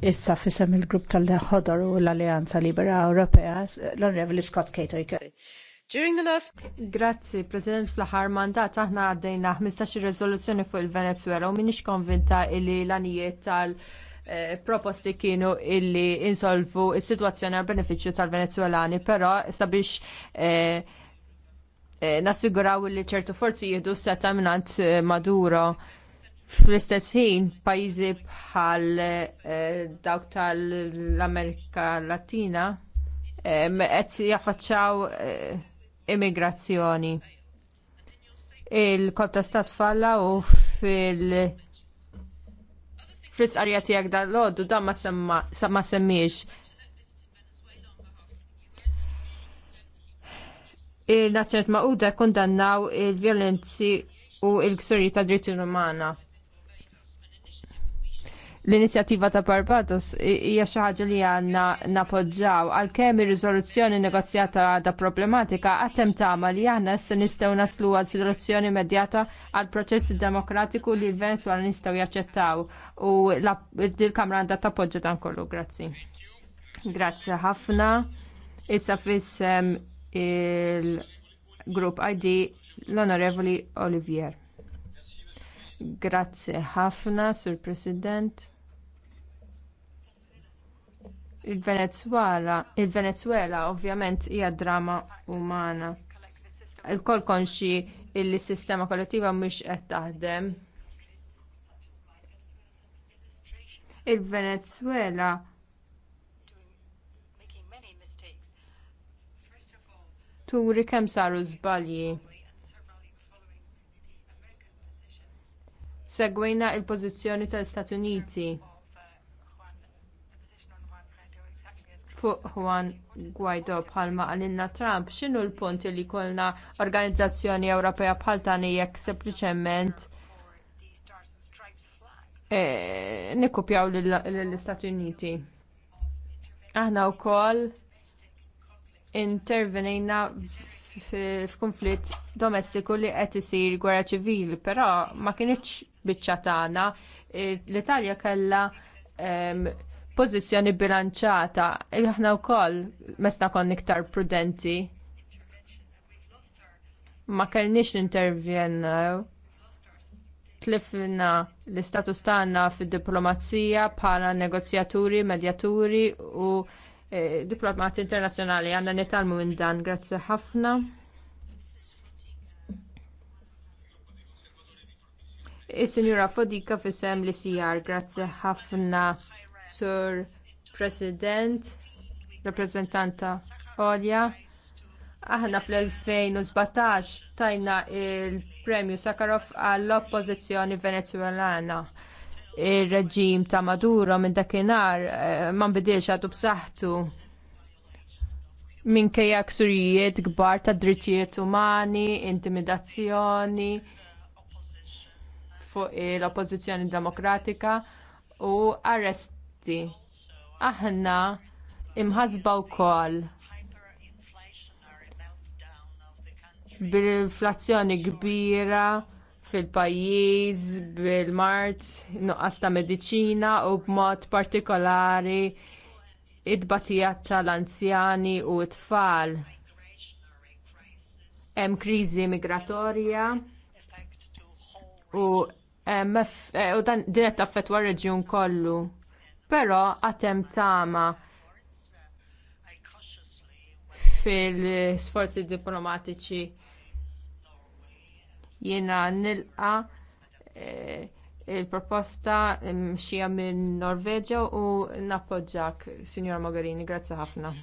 Issa fisem il-grupp tal-ħodor u l-Alleanza Libera Ewropea l-Onrevoli Scott Cato During the last... Grazzi, President fl-aħħar mandat aħna għaddejna 15 rezoluzzjoni fuq il-Venezuela u minix konvinta illi l-anijiet tal- eh, proposti kienu illi insolvu il sitwazzjoni għal beneficju tal-Venezuelani, però sabiex eh, eh, nasiguraw illi li ċertu forzi jihdu setta minnant Maduro fl-istess ħin pajjiżi bħal eh, dawk tal-Amerika Latina eh, qed jaffaċċjaw eh, immigrazzjoni. Il-kop ta' stat falla u fil- fl-isqarja tiegħek dal-għoddu dan ma semmiex. Il-Nazzjonijiet Magħquda jkundannaw il-vjolenzi u l-ksuri tad dritti umana. L-inizjattiva ta' Barbados hija xi ħaġa li għandna napoġġaw għalkemm ir-riżoluzzjoni negozjata għadha problematika qatt hemm tama li aħna issa nistgħu naslu għal soluzzjoni immedjata għal proċess demokratiku li l-Venezuela nistgħu jaċċettaw u l-Kamra għandha tappoġġa dan kollu. Grazzi. Grazzi ħafna. Issa fissem il-grupp ID l-Onorevoli Olivier. Grazzi ħafna, Sur President il venezwela il-Venezuela ovvjament hija drama umana. Il-kol konxi il-sistema kollettiva mhux qed taħdem. il turi kemm saru żbalji. Segwejna l pożizzjoni tal-Istati Uniti. fuq Juan Guaido bħalma għalinna Trump, x'inhu l-punt li jkollna organizzazzjoni Ewropea bħal tani jekk sempliċement eh, nikkupjaw lill-Istati Uniti. Aħna wkoll intervenejna f'kunflitt domestiku li qed isir gwerra ċivili, però ma kinitx biċċa tagħna. Eh, L-Italja kellha ehm, pożizzjoni bilanċata, aħna wkoll mesta konni iktar prudenti. Ma kellniex nintervjenna. Tlifna l-istatus tagħna fid-diplomazija bħala negozjaturi, medjaturi u eh, diplomati internazzjonali għandna nitalmu minn dan. Grazzi ħafna. Is-Sinjura e, Fodika fissem li sijar, grazzi ħafna. Sur President, rappreżentanta Olja, aħna fl-2017 tajna l premju Sakharov għall-oppożizzjoni Venezwelana ir-reġim ta' Maduro minn dakinhar eh, ma nbidilx għadu b'saħħtu minkejja ksurijiet kbar ta' drittijiet umani, intimidazzjoni fuq l-oppożizzjoni demokratika u arrest realisti. Aħna imħasba wkoll bil-inflazzjoni kbira fil-pajjiż, bil-mart, nuqqas ta' mediċina u b'mod partikolari id tbatija tal-anzjani u t-tfal. Hemm kriżi migratorja u, eh, u dan din qed taffettwa r-reġjun kollu però għatem tama fil-sforzi diplomatiċi jiena nilqa eh, il-proposta mxija minn Norveġa u nappoġġak, Signor Mogherini, grazzi ħafna.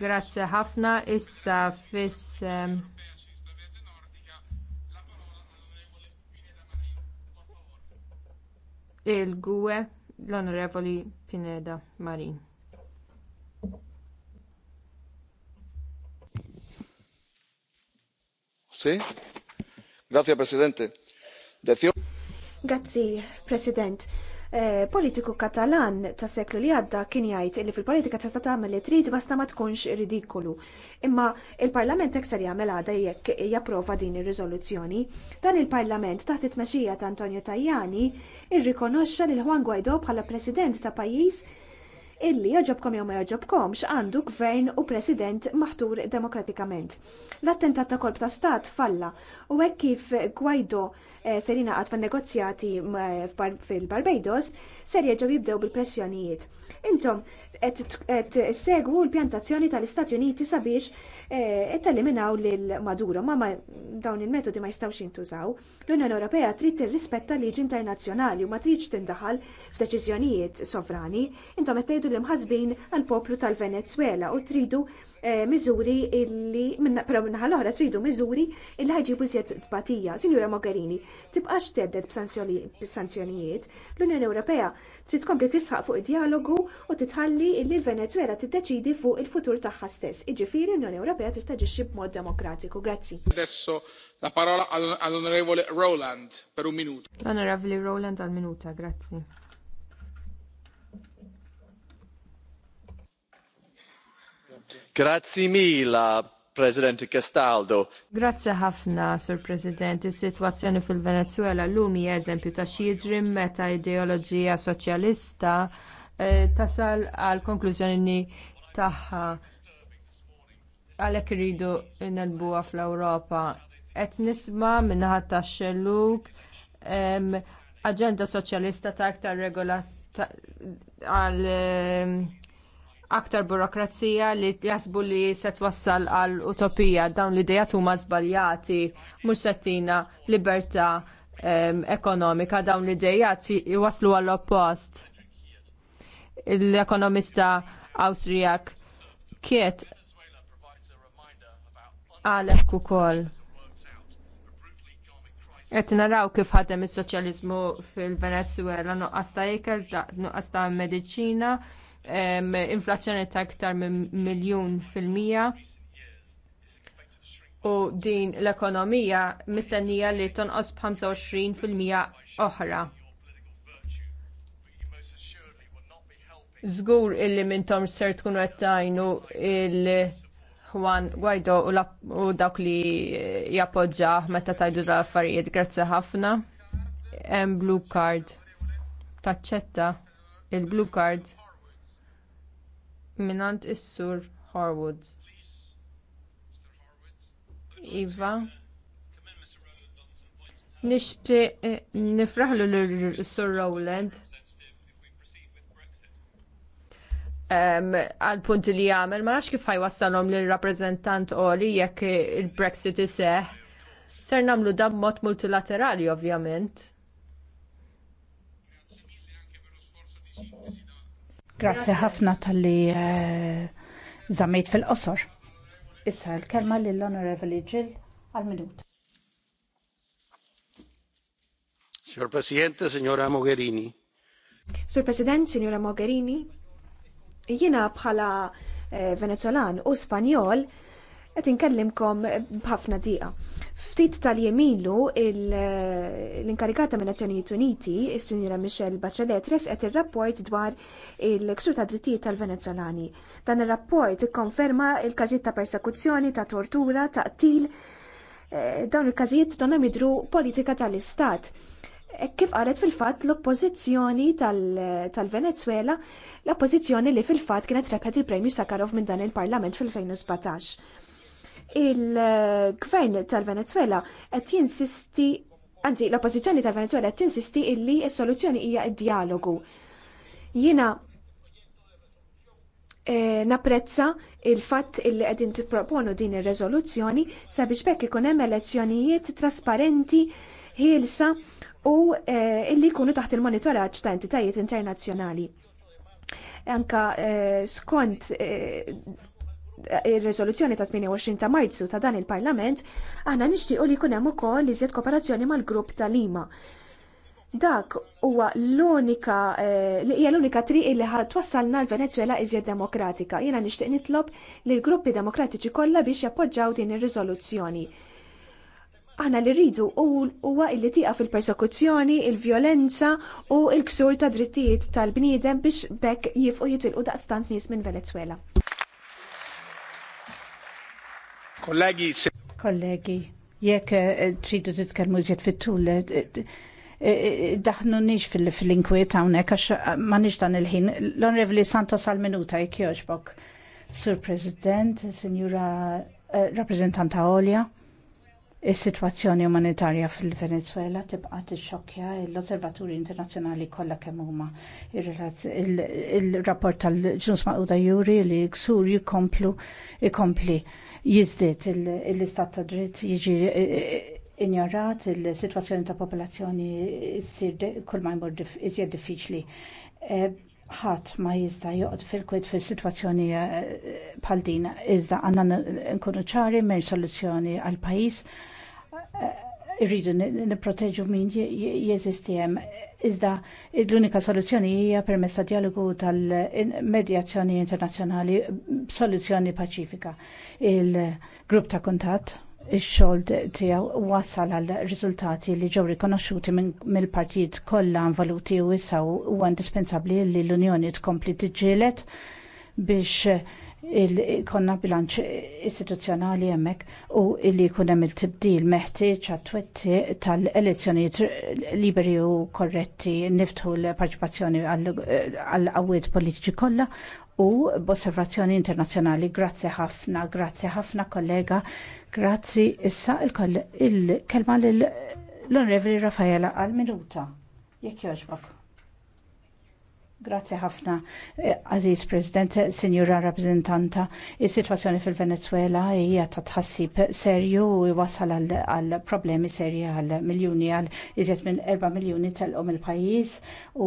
Grazzi ħafna issa fis eh, il-gwe l-Onorevoli Pineda Marin. Sì? Grazie Presidente. Grazie Presidente. Eh, politiku katalan tas seklu li għadda kien jgħid li fil-politika ta' tagħmel li trid basta ma tkunx ridikolu. Imma il-Parlament hekk ser jagħmel għadha jekk japprova din ir-riżoluzzjoni. Dan il-Parlament taħt it-tmexxija ta' Antonio Tajani irrikonoxxa lil Juan Guaidó bħala President ta' pajjiż illi jogħġobkom jew ma jogħġobkomx għandu gvern u president maħtur demokratikament. L-attentat ta' kolb ta' stat falla u hekk kif Guaido eh, ser jingħaqad fin-negozjati fil-Barbados ser jerġgħu jibdew bil-pressjonijiet. Intom qed segwu l-pjantazzjoni tal-Istati Uniti sabiex qed eh, eliminaw lil Maduro, ma dawn il-metodi ma jistgħux jintużaw. L-Unjoni Ewropea trid tirrispetta liġi internazzjonali u ma tridx tindaħal f'deċiżjonijiet sovrani. Intom qed tgħidu li mħassbin għall poplu tal-Venezwela u tridu eh, miżuri illi però minnaħa l-oħra tridu miżuri illi ħajġibu żjed tbatija. Sinjura Mogherini, tibqax tedded b'sanzjonijiet. L-Unjoni Ewropea trid tkompli tisħaq fuq id-dialogu u titħalli illi l-Venezwela tiddeċidi fuq il-futur tagħha stess. Iġifieri l-Unjoni Ewropea trid taġixxi b'mod demokratiku. Grazzi. Adesso la parola all'onorevole Rowland per un minuto. L-Onorevoli Rowland għal minuta, grazzi. Grazzi mille President Castaldo. Grazzi ħafna, Sur President. Is-sitwazzjoni fil-Venezuela llum hija eżempju ta' xi meta ideologija soċjalista Eh, tasal għal konklużjoni tagħha għalhekk iridu nelbuha fl-Ewropa. Qed nisma' min-naħa tax-xellug aġenda soċjalista ta' aktar regola għal aktar burokrazija li jasbu li se twassal għal utopija dawn l-idejat huma żbaljati mhux settina libertà ekonomika dawn l-idejat waslu għall oppost l-ekonomista Awstrijak kiet għalek ukoll. Qed naraw kif ħadem is-soċjaliżmu fil-Venezuela nuqqas ta' ikel, nuqqas ta' mediċina, inflazzjoni ta' iktar minn miljun fil-mija. U din l-ekonomija mistennija li tonqos b'25 fil-mija oħra. Żgur illi mintom ser tkun qed tajnu il Juan Guaido u dawk li eh, jappoġġa meta tajdu l affarijiet Grazzi ħafna. Hemm blue card. Taċċetta il-blue card minant is-sur Harwood. Iva. Nixtieq eh, nifraħlu l-sur Rowland għal punti li jagħmel ma nafx kif ħajwassalhom lil rappreżentant oli jekk il-Brexit iseħħ. Ser nagħmlu dan b'mod multilaterali ovvjament. Grazzi ħafna tal-li zamejt eh, fil-qosor. Issa l-kelma lill-Onorevoli Ġil għal-minut. Signor Presidente, Signora Mogherini. Sur President, Signora Mogherini, Jiena bħala eh, Venezolan u Spanjol qed inkellimkom b'ħafna diqa. Ftit tal-jemilu eh, l-inkarikata minn Nazzjonijiet Uniti, is-Sinjura Michelle Bachelet, resqet ir-rapport dwar il-ksur ta' drittijiet tal-Venezolani. Dan ir-rapport ikkonferma il-każijiet ta' persekuzzjoni, ta' tortura, ta' qtil. Eh, dawn il-każijiet donhom midru politika tal-Istat kif qalet fil-fatt l-oppożizzjoni tal-Venezuela, tal l-oppożizzjoni li fil-fatt kienet rebħet il-Premju Sakharov minn dan il-Parlament fil-2017. Il-gvern tal-Venezuela qed jinsisti, anzi l-oppożizzjoni tal-Venezuela qed tinsisti illi s-soluzzjoni hija d-dialogu. Jiena E, napprezza il-fatt illi qegħdin tipproponu din ir-reżoluzzjoni sabiex bekk ikun hemm elezzjonijiet trasparenti ħilsa u eh, illi jkunu taħt il-monitoraġġ ta' entitajiet internazzjonali. Anka eh, skont eh, ir-rezoluzzjoni ta' 28 ta' Marzu ta' dan il-Parlament, aħna nixtiequ li jkun hemm ukoll li żied kooperazzjoni mal-grupp ta' Lima. Dak huwa l-unika li hija l-unika triq li ħad twassalna l-Venezuela iżjed demokratika. Jiena nixtieq nitlob li l-gruppi demokratiċi kollha biex jappoġġaw din ir-riżoluzzjoni. Aħna li rridu huwa illi tieqa fil-persekuzzjoni, il-vjolenza u l-ksur ta' drittijiet tal-bniedem biex bekk jifqu jitilqu daqstant nies minn Venezuela. Kollegi, kollegi, jekk eh, tridu titkellmu żied fit-tul, eh, eh, daħnu nix fil-inkwiet hawnhekk għax ma nix dan il-ħin. L-Onrevli Santos għal-minuta jekk jogħġbok. Sur President, Signora rappresentanta Olja. Is-sitwazzjoni umanitarja fil-Venezuela tibqa' tixxokkja l-Osservaturi Internazzjonali kollha kemm huma. Ir-rapport tal-ġnus maquda juri li ksur jikomplu ikompli jiżdied l-istat ta' dritt jiġi injorat il-sitwazzjoni ta' popolazzjoni issir kull ma jmur iżjed diffiċli eh, ħadd ma jista' joqgħod fil-kwit fis-sitwazzjoni eh, bħal din iżda għandna nkunu ċari minn soluzzjoni għal pajjiż eh, irridu nipproteġu min jeżisti hemm. Iżda l-unika soluzzjoni hija permezz ta' dialogu tal-medjazzjoni internazzjonali b'soluzzjoni paċifika. Il-grupp ta' kuntatt ix-xogħol tiegħu wassal għal riżultati li ġew rikonoxxuti mill-partijiet kollha involuti u issa huwa indispensabbli li l-Unjoni tkompli tiġġieled biex konna bilanċ istituzzjonali hemmhekk u li jkun hemm il-tibdil meħtieġ għat-twetti tal-elezzjonijiet liberi u korretti niftħu l-parċipazzjoni għall qawwiet politiċi kollha u b'osservazzjoni internazzjonali. Grazzi ħafna, grazzi ħafna kollega Grazzi, issa il-kelma il kelma l onrevoli Raffaella għal-minuta. Jekk joġbok. Grazie ħafna, eh, Aziz President, eh, Signora Rappresentanta. Is-sitwazzjoni fil-Venezuela hija ta' tħassib serju u jwassal għal problemi serji għal miljuni għal iżjed minn 4 miljuni tal om il-pajjiż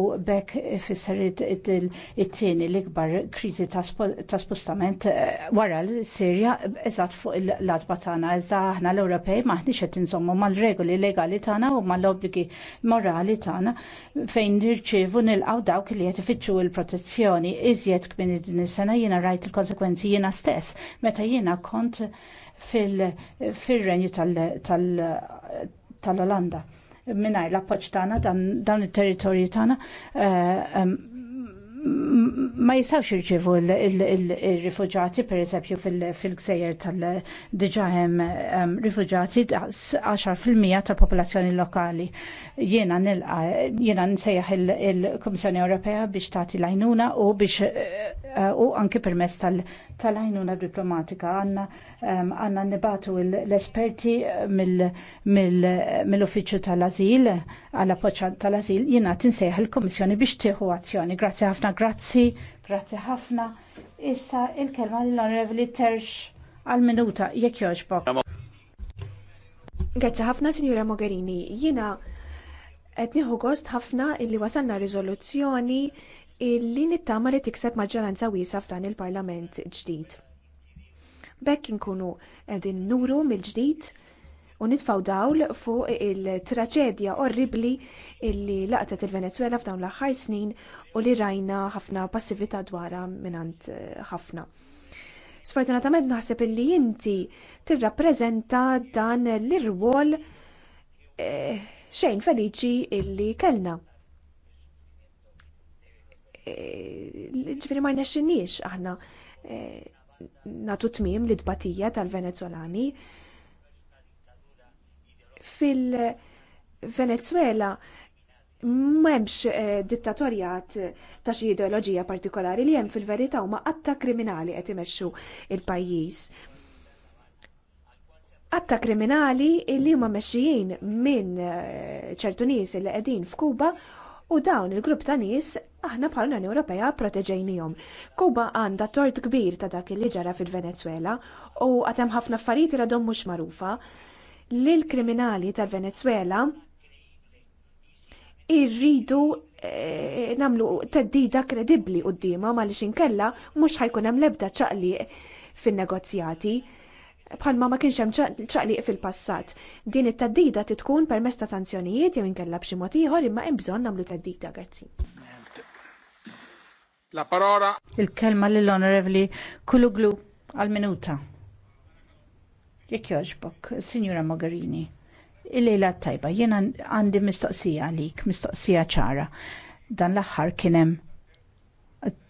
u bekk fisser it-tieni l-ikbar kriżi ta' spostament eh, wara l-Sirja eżatt fuq il-ladba tagħna. Iżda aħna l-Ewropej maħniex qed inżommu mal-regoli legali tagħna u mal-obbligi morali tagħna fejn nirċievu nilqgħu dawk li qed ifittxu l-protezzjoni iżjed kmin din is-sena jiena rajt il-konsekwenzi jiena stess meta jiena kont fil-renju tal-Olanda. Minnaj l-appoċ tagħna dawn it-territorji tagħna eh, ma jistawx jirċivu il-rifugġati, per eżempju, fil-gżejjer tal-dġaħem rifugġati, 10% tal-popolazzjoni lokali. Jena nilqa, jena nsejjaħ il-Komissjoni Ewropea biex tagħti l-għajnuna u biex eh, u anki permess tal ajnuna diplomatika. Għanna ehm, nibatu l-esperti mill-Uffiċċju tal-Azil, għal appoċċ tal-Azil, jena tinsejħ il-Komissjoni biex tieħu azzjoni. Grazie ħafna grazzi, grazzi ħafna. Issa il-kelma l-Onorevoli Terx għal-minuta, jekk joġbok. Grazzi ħafna, Sinjura Mogherini. Jina qed nieħu gost ħafna illi wasalna riżoluzzjoni illi nittama li tikseb maġġoranza wiesa f'dan il-Parlament ġdid. Bekk inkunu edin nuru mill-ġdid u nitfaw dawl fuq il-traċedja orribli illi laqtet il-Venezuela f'dawn l-aħħar snin u li rajna ħafna passività dwarha mingħand eh, ħafna. Sfortunatament naħseb illi inti tirrappreżenta dan l-irwol eh, xejn feliċi illi kellna. Eh, Ġifieri ma rnexxinniex aħna natu tmiem l tbatija tal-Venezolani. Fil-Venezuela m'hemmx eh, dittatorjat ta' xi ideoloġija partikolari li hemm fil-verità huma qatta kriminali qed imexxu il-pajjiż. Atta kriminali li huma mexxijin minn eh, ċertu nies li qegħdin f'Kuba u dawn il-grupp ta' nies aħna bħal Unjoni Ewropea proteġejnihom. Kuba għandha tort kbir ta' dak li ġara fil-Venezuela u għatem ħafna affarijiet li għadhom mhux magħrufa. Lil kriminali tal-Venezuela irridu eh, namlu teddida kredibbli qudiema għaliex inkella mhux ħajkun hemm l-ebda ċaqliq fin-negozjati bħalma ma kienx hemm ċaqliq fil-passat. Din it-teddida titkun permezz ta' sanzjonijiet jew inkella b'xi mod ieħor imma hemm bżonn nagħmlu teddida grazzi. La parola. Il-kelma lill-Onorevoli Kuluglu għal-minuta. Jekk jogħġbok, Signora Mogherini. Il-lejla tajba, jena għandi mistoqsija għalik, mistoqsija ċara. Dan l-axħar kienem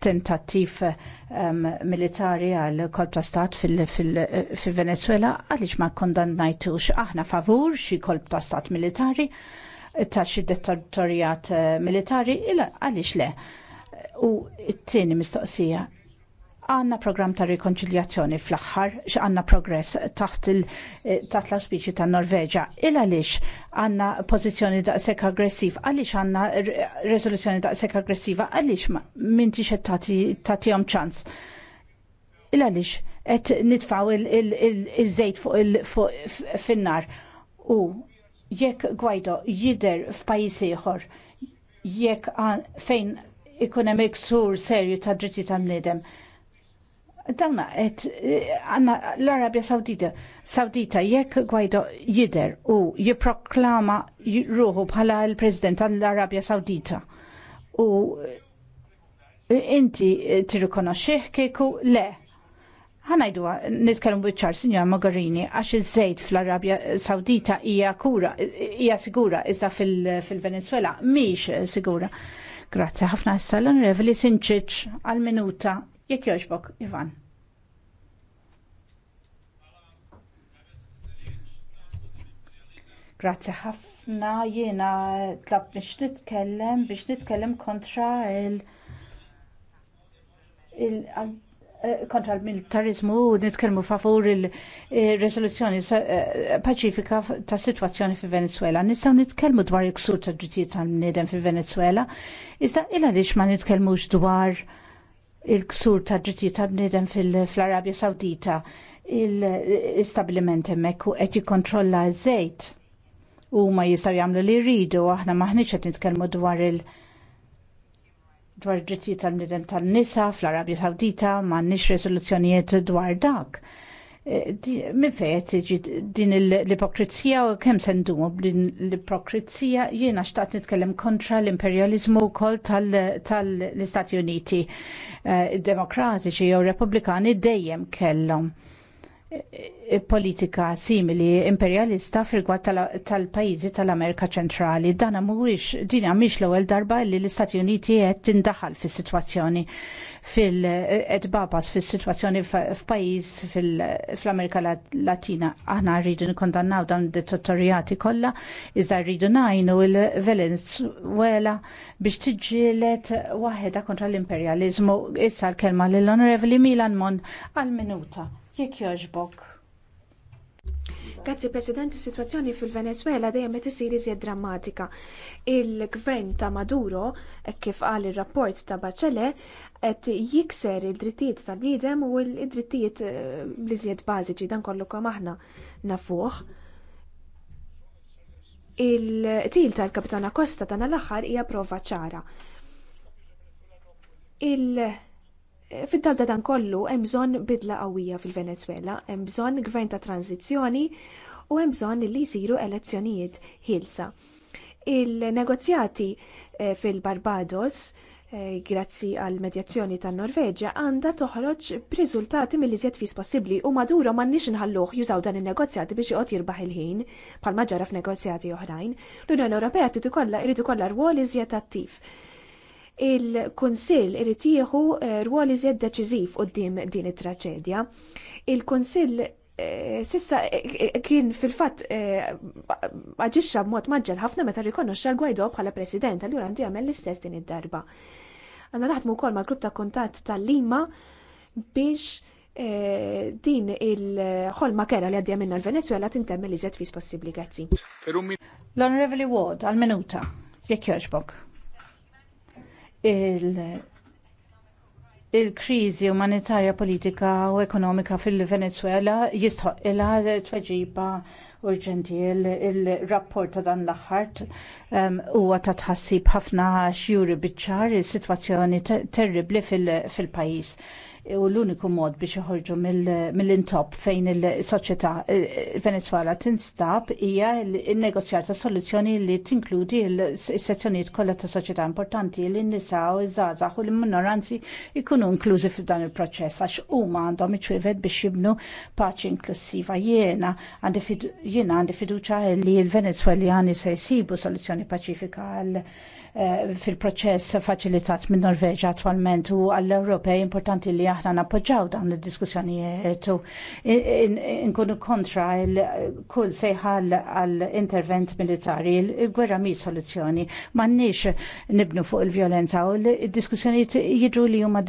tentattiv um, militari għal kolb stat fil-Venezuela fil, għalix ma' kondannajtux aħna favur xi kolb ta' stat militari ta' xi dettatorjat eh, militari għalix le. U t-tieni mistoqsija Għanna program ta' rikonċiljazzjoni fl-axħar, għanna progress taħt il-taħt eh, l aspiċi ta' Norveġa. Il għalix għanna pozizjoni da' sekk aggressiv, għalix għanna rezoluzjoni da' sekk aggressiva, għalix minti ta' tijom ċans. Il għalix għet nitfaw il-żejt fuq il finnar u jekk gwajdo jider f'pajisi ieħor, jekk fejn ikun hemm iksur serju ta' dritti ta' mniedem. Dawna qed għandna l-Arabja Sawdita Sawdita jekk Gwajdo jider u jipproklama ruħu bħala l-President tal-Arabja Sawdita. U inti tirrikonoxxih kieku le. Ħanajdu nitkellmu nitkellum ċar Sinjor Mogherini għax iż-żejt fl-Arabja Sawdita hija kura hija sigura iżda fil-Venezuela mhix sigura. Grazzi ħafna issa l-Onorevoli Sinċiċ għal-minuta Jekk jogħġbok, Ivan. Grazzi ħafna jiena tlab biex nitkellem biex nitkellem kontra il, il eh, kontra l-militarizmu u nitkellmu favur il-resoluzzjoni eh, eh, paċifika ta' situazzjoni fi Venezuela. Nistgħu nitkellmu dwar iksur ta' drittijiet tal-bniedem fi Venezuela. Iżda il għaliex ma nitkellmux dwar il-ksur ta' drittijiet ta' bniedem fil-Arabja Sawdita il istabliment emmek u qed jikkontrolla ż-żejt u ma jistgħu jagħmlu li jridu aħna maħniċ qed nitkellmu dwar il- dwar id-drittijiet tal-bniedem tan-nisa fl-Arabja Sawdita m'għandniex resoluzzjonijiet dwar dak. Min fejt din l-ipokrizija u kem sendumu din l-ipokrizija jiena xtaqt nitkellem kontra l-imperializmu kol tal-Istati Uniti eh, demokratiċi jew repubblikani dejjem kellhom politika simili imperialista fil-gwad tal-pajizi tal-Amerika ċentrali. Dana mhuwiex din miex l-ewwel darba li l-Istati Uniti qed tindaħal fis-sitwazzjoni fil qed babas fis-sitwazzjoni f'pajjiż fl-Amerika Latina. Aħna rridu nikondannaw dawn id-dittatorjati kollha, iżda rridu ngħinu l-Venezuela biex tiġġieled waħedha kontra l-imperjaliżmu. Issa l-kelma lill-Onorevoli Milan Mon għal-minuta jekk jogħġbok. Grazie President, is-sitwazzjoni fil-Venezuela dejjem qed isir iżjed drammatika. Il-gvern ta' Maduro, kif qal ir-rapport ta' Bachelet, qed jikser id-drittijiet tal-bniedem u l-drittijiet eh, l-iżjed bażiċi dan kollu kemm aħna nafuh. Il-til tal-Kapitana Kosta tagħna l-aħħar hija prova ċara. Il- Fid-dabda dan kollu hemm bżonn bidla qawwija fil venezwela hemm bżonn gvern ta' tranzizzjoni u hemm bżonn li jsiru elezzjonijiet ħilsa. Il-negozjati eh, fil-Barbados eh, grazzi għal medjazzjoni tan norveġja għandha toħroġ b'riżultati mill iżjed fis possibbli u Maduro m'għandniex inħalluh jużaw dan in-negozjati biex joqgħod jirbaħ il-ħin bħalma ġara f'negozjati oħrajn. L-Unjoni Ewropea trid ikollha jrid ikollha rwol iżjed attiv il-Kunsill irid jieħu eh, rwol iżjed deċiżiv quddiem din it-traċedja. Il-Kunsill eh, sissa eh, kien fil-fatt aġixxa b'mod maġġel ħafna meta rikonoxxa l-Gwajdo bħala President, allura għandi għamel l-istess din id-darba. Għanna naħdmu wkoll mal-grupp ta' kuntatt tal-Lima biex din il-ħolma kera li għaddija minna l-Venezuela tintemmi li ġed fis possibli grazzi. L-Honorable Ward, għal-minuta, jekk joġbok il-kriżi umanitarja politika u ekonomika fil-Venezuela jistħoq ilha tweġiba urġenti il-rapport ta' dan l-aħħar um, huwa ta' tħassib ħafna xjuri biċ-ċar is-sitwazzjoni terribli fil-pajjiż u l-uniku mod biex joħorġu mill-intop fejn il-soċjetà eh, Venezuela tinstab hija n-negozjar ta' soluzzjoni li tinkludi l-sezzjonijiet kollha ta' soċjetà importanti li n-nisa u ż-żgħażagħ u l-minoranzi jkunu inklużi f'dan il-proċess għax huma għandhom iċwieved biex jibnu paċi inklusiva. Jiena għandi fiduċa li l-Venezuelani se jsibu soluzzjoni paċifika għal Eh, fil-proċess faċilitat minn Norveġa attualment u għall-Ewropej importanti li aħna nappoġġaw dawn id-diskussjonijiet u nkunu kontra kull sejħal għall-intervent militari. Il-gwerra mi soluzzjoni. Mannix nibnu fuq il-violenza u l-diskussjonijiet jidru li huma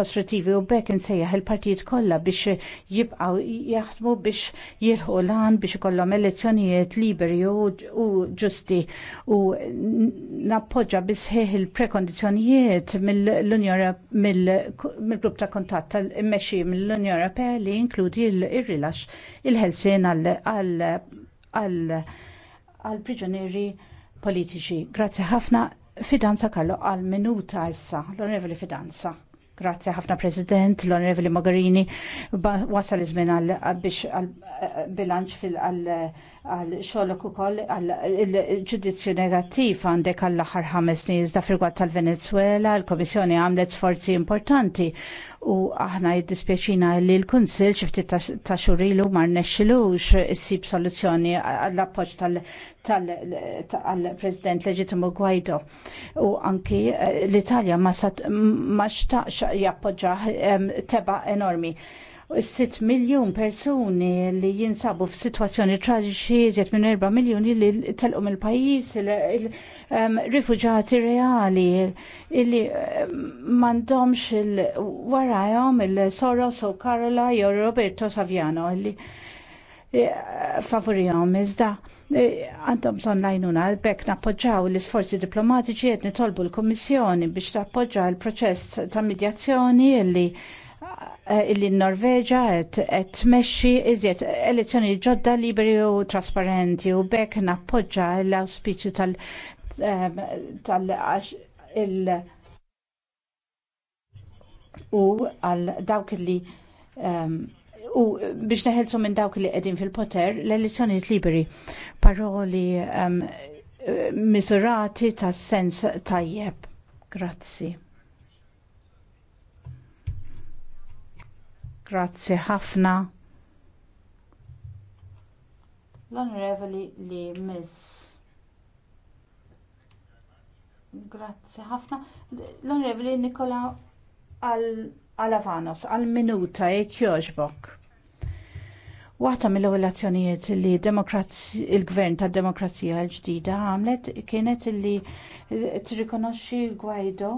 kostruttivi u bekk insejjaħ il-partijiet kollha biex jibqaw jaħdmu biex jilħu lan biex ikollhom elezzjonijiet liberi u ġusti u nappoġġa bisħieħ il-prekondizjonijiet mill grupp ta' kontatt tal-immexxi mill-Unjoni Ewropea li jinkludi l rilax il-ħelsien għal priġunieri politiċi. Grazzi ħafna fidanza Karlo għal minuta issa, l-onorevoli fidanza. Grazie ħafna President, l-Onorevoli Mogherini, wasal iż-żmien biex bilanċ fil-xolok ukoll il-ġudizzju negattiv għandek għall-aħħar ħames nizda fil tal-Venezuela, l-Komissjoni għamlet sforzi importanti u aħna jiddispjaċina li l-Kunsil xifti ta' xurilu mar nexxilux issib soluzzjoni għall-appoġġ tal-President leġitimu Guaido u anki eh, l-Italja ma xtaqx jappoġġa ehm, teba enormi 6 miljon persuni li jinsabu f'sitwazzjoni traġiċi iżjed minn 4 miljoni li telqu mill pajjiż il-rifuġati reali li m'għandhomx il-warajom il-Soros u Karola jew Roberto Saviano li e, favorijom iżda e, għandhom son lajnuna għalbek nappoġġaw l-isforzi diplomatiċi qed nitolbu l komissjoni biex tappoġġa l-proċess ta' medjazzjoni illi Eh, illi Norveġa qed tmexxi iżjed elezzjoni ġodda liberi u trasparenti u bekk nappoġġa l-auspiċi tal- eh, tal il u għal dawk li ehm, u biex neħelsu minn dawk li qegħdin fil-poter l elezzjoni liberi paroli ehm, misurati tas sens tajjeb. Grazzi. Grazzi ħafna. L-Onorevoli li Miss. Grazzi ħafna. L-Onorevoli Nikola Al Alavanos, għal-minuta, e kjoġbok. Waħda mill-ewwel azzjonijiet li il-Gvern tad-Demokrazija l-ġdida għamlet kienet li tirrikonoxxi Guaido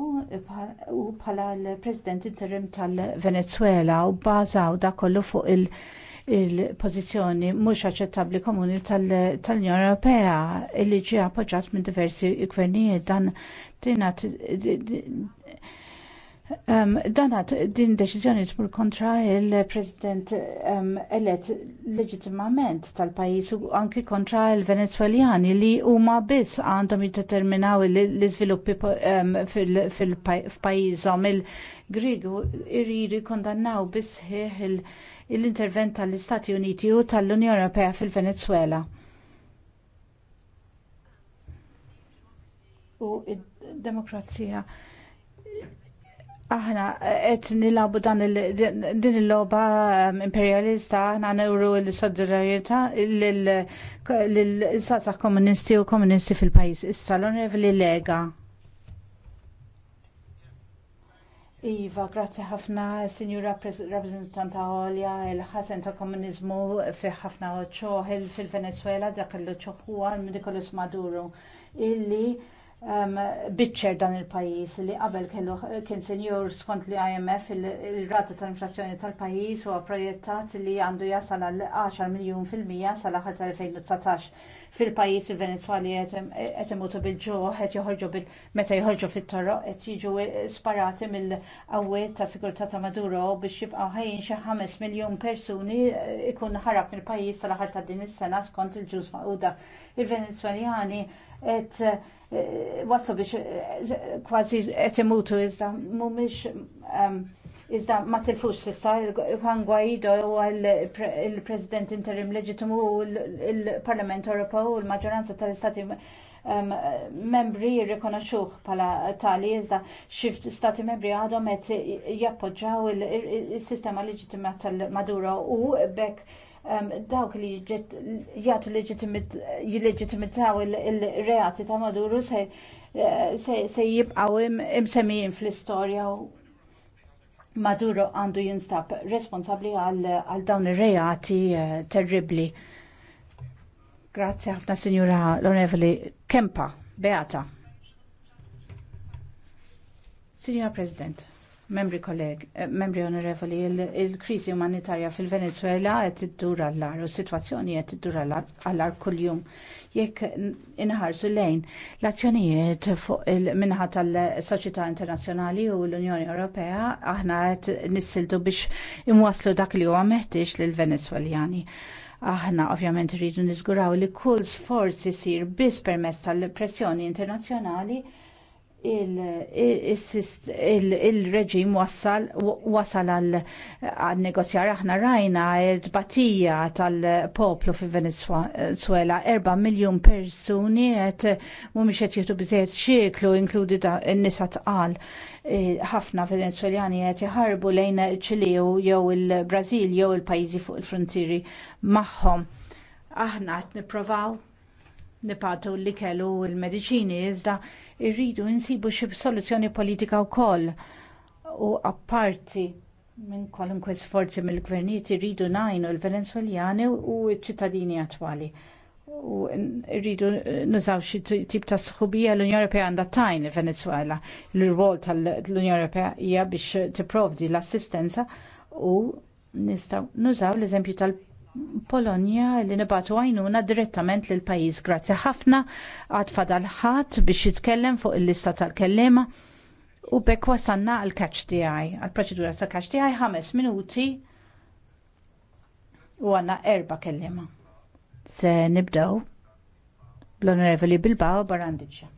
bħala l-President interim tal-Venezuela u bbażaw da kollu fuq il- pożizzjoni mhux aċċettabbli komuni tal-Unjoni Ewropea li ġie appoġġjat minn diversi gvernijiet dan Um, Donat, din deċiżjoni tmur kontra il-President um, elet leġitimament tal-pajis u anki kontra il-Venezueljani li huma biss għandhom jiddeterminaw l-iżviluppi um, fil-pajjiżhom il-Grigu irridu kondannaw bisħieħ l-intervent tal-Istati Uniti u tal-Unjoni Ewropea fil-Venezuela. U id-demokrazija Aħna eh, qed nilabu dan din il-logħba ehm, imperialista aħna newru l-solidarjetà l sazza komunisti u komunisti fil-pajjiż. Issa l li Lega. Iva, grazie ħafna, signora Rappresentanta Olja, il-ħasen ta' komunizmu fi ħafna ċoħil fil-Venezuela, dak l ċoħuwa il-Medikolis Maduro, illi Um, biċċer dan il-pajjiż li qabel kellu kien senjur skont l-IMF il-rata tal-inflazzjoni tal-pajjiż huwa projettat li għandu jasal għal 10 miljun fil-mija sal-aħħar tal-2019 fil-pajjiż il-Venezwali qed imutu bil-ġuħ qed joħorġu bil meta joħorġu fit-toroq qed jiġu sparati mill-qawwiet ta' sigurtà ta' Maduro biex jibqa' ħajjin xi 5 miljun persuni eh, ikun ħarab mill-pajjiż sal-aħħar ta' din is-sena skont il-ġuż maquda. Il-Venezwelani qed wassu biex eh, kważi qed imutu iżda mhumiex ehm, iżda ma tilfux sista Juan Guaido il-President interim leġitimu il-Parlament Ewropew u l-maġġoranza tal-Istati ehm, membri jirrikonoxuh pala tali iżda xift stati membri għadhom qed jappoġġaw il sistema leġitima tal-Maduro u bekk dawk li jgħatu jilleġitimitaw il-reati ta' Maduro se eh, jibqaw imsemmijin fl-istorja Maduro għandu jinstab responsabli għal dawn ir-reati eh, terribli. Grazzi ħafna Signora l-Onevoli Kempa, Beata. Signora President. Membri kolleg, eh, membri onorevoli, il-krizi umanitarja fil-Venezuela qed iddur għallar u situazzjoni sitwazzjoni qed iddur għallar kuljum. Jekk inħarsu lejn l-azzjonijiet fuq il-minħa tal-Soċjetà Internazzjonali u l-Unjoni Ewropea aħna qed nissildu biex imwaslu dak li huwa meħtieġ lill-Venezueljani aħna ovvjament rridu niżguraw li kull sforzi isir biss permezz tal-pressjoni internazzjonali il-reġim wasal għal negozjar aħna rajna il-tbatija tal-poplu fi Venezuela 4 miljon persuni qed mhumiex qed jieħdu biżejjed xieklu inkludi n-nisa tqal. E, ħafna Venezwelani qed jaħarbu lejn ċili jew il-Brażil jew il-pajjiżi fuq il-frontieri magħhom. Aħna qed nipprovaw nipatu li kellu il-medicini iżda irridu insibu xi soluzzjoni politika wkoll u apparti minn kwalunkwe sforzi mill-gvernijiet irridu najnu l-Venezueljani u ċ-ċittadini attwali. U rridu nużaw xi tip ta' sħubija l-Unjoni Ewropea għandha tajn il-Venezuela. L-rwol tal-Unjoni Ewropea hija biex tipprovdi l-assistenza u nistgħu nużaw l-eżempju tal Polonja li nibatu għajnuna direttament lil pajjiż Grazzi ħafna għad fadal ħadd biex jitkellem fuq il-lista tal-kellema u bekk wasanna għal catch DI, għal proċedura ta' catch DI ħames minuti u għanna erba kellema. Se nibdew bl-Onorevoli Bilbao Barandiċa.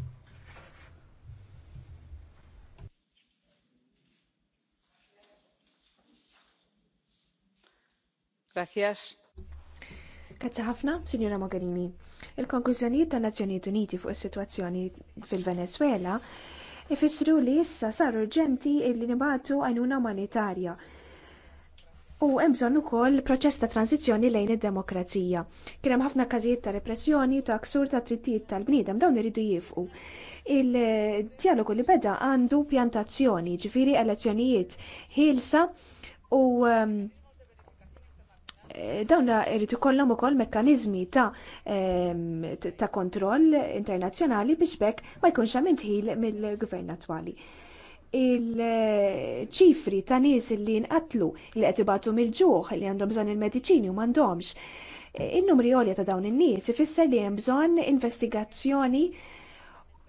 Gracias Grazzi ħafna, Sinjora Mogherini. Il-konklużjonijiet tan Nazzjonijiet Uniti fuq is-sitwazzjoni fil-Venezuela ifissru li issa sar urġenti li nibatu għajnuna umanitarja. U hemm bżonn ukoll proċess ta' tranzizzjoni lejn id-demokrazija. Kien hemm ħafna każijiet ta' repressjoni u ta' ksur ta' trittijiet tal-bniedem dawn iridu jifqu. Il-dialogu li beda għandu pjantazzjoni, ġifieri elezzjonijiet ħilsa u um, dawna irrid ikollhom ukoll mekkaniżmi ta' ta' kontroll internazzjonali biex bekk ma jkunx hemm intħil mill-gvern attwali. Il-ċifri ta' nies li nqatlu li qed ibatu mill-ġuħ li għandhom bżonn il-mediċini u m'għandhomx. In-numri għolja ta' dawn in-nies ifisser li hemm bżonn investigazzjoni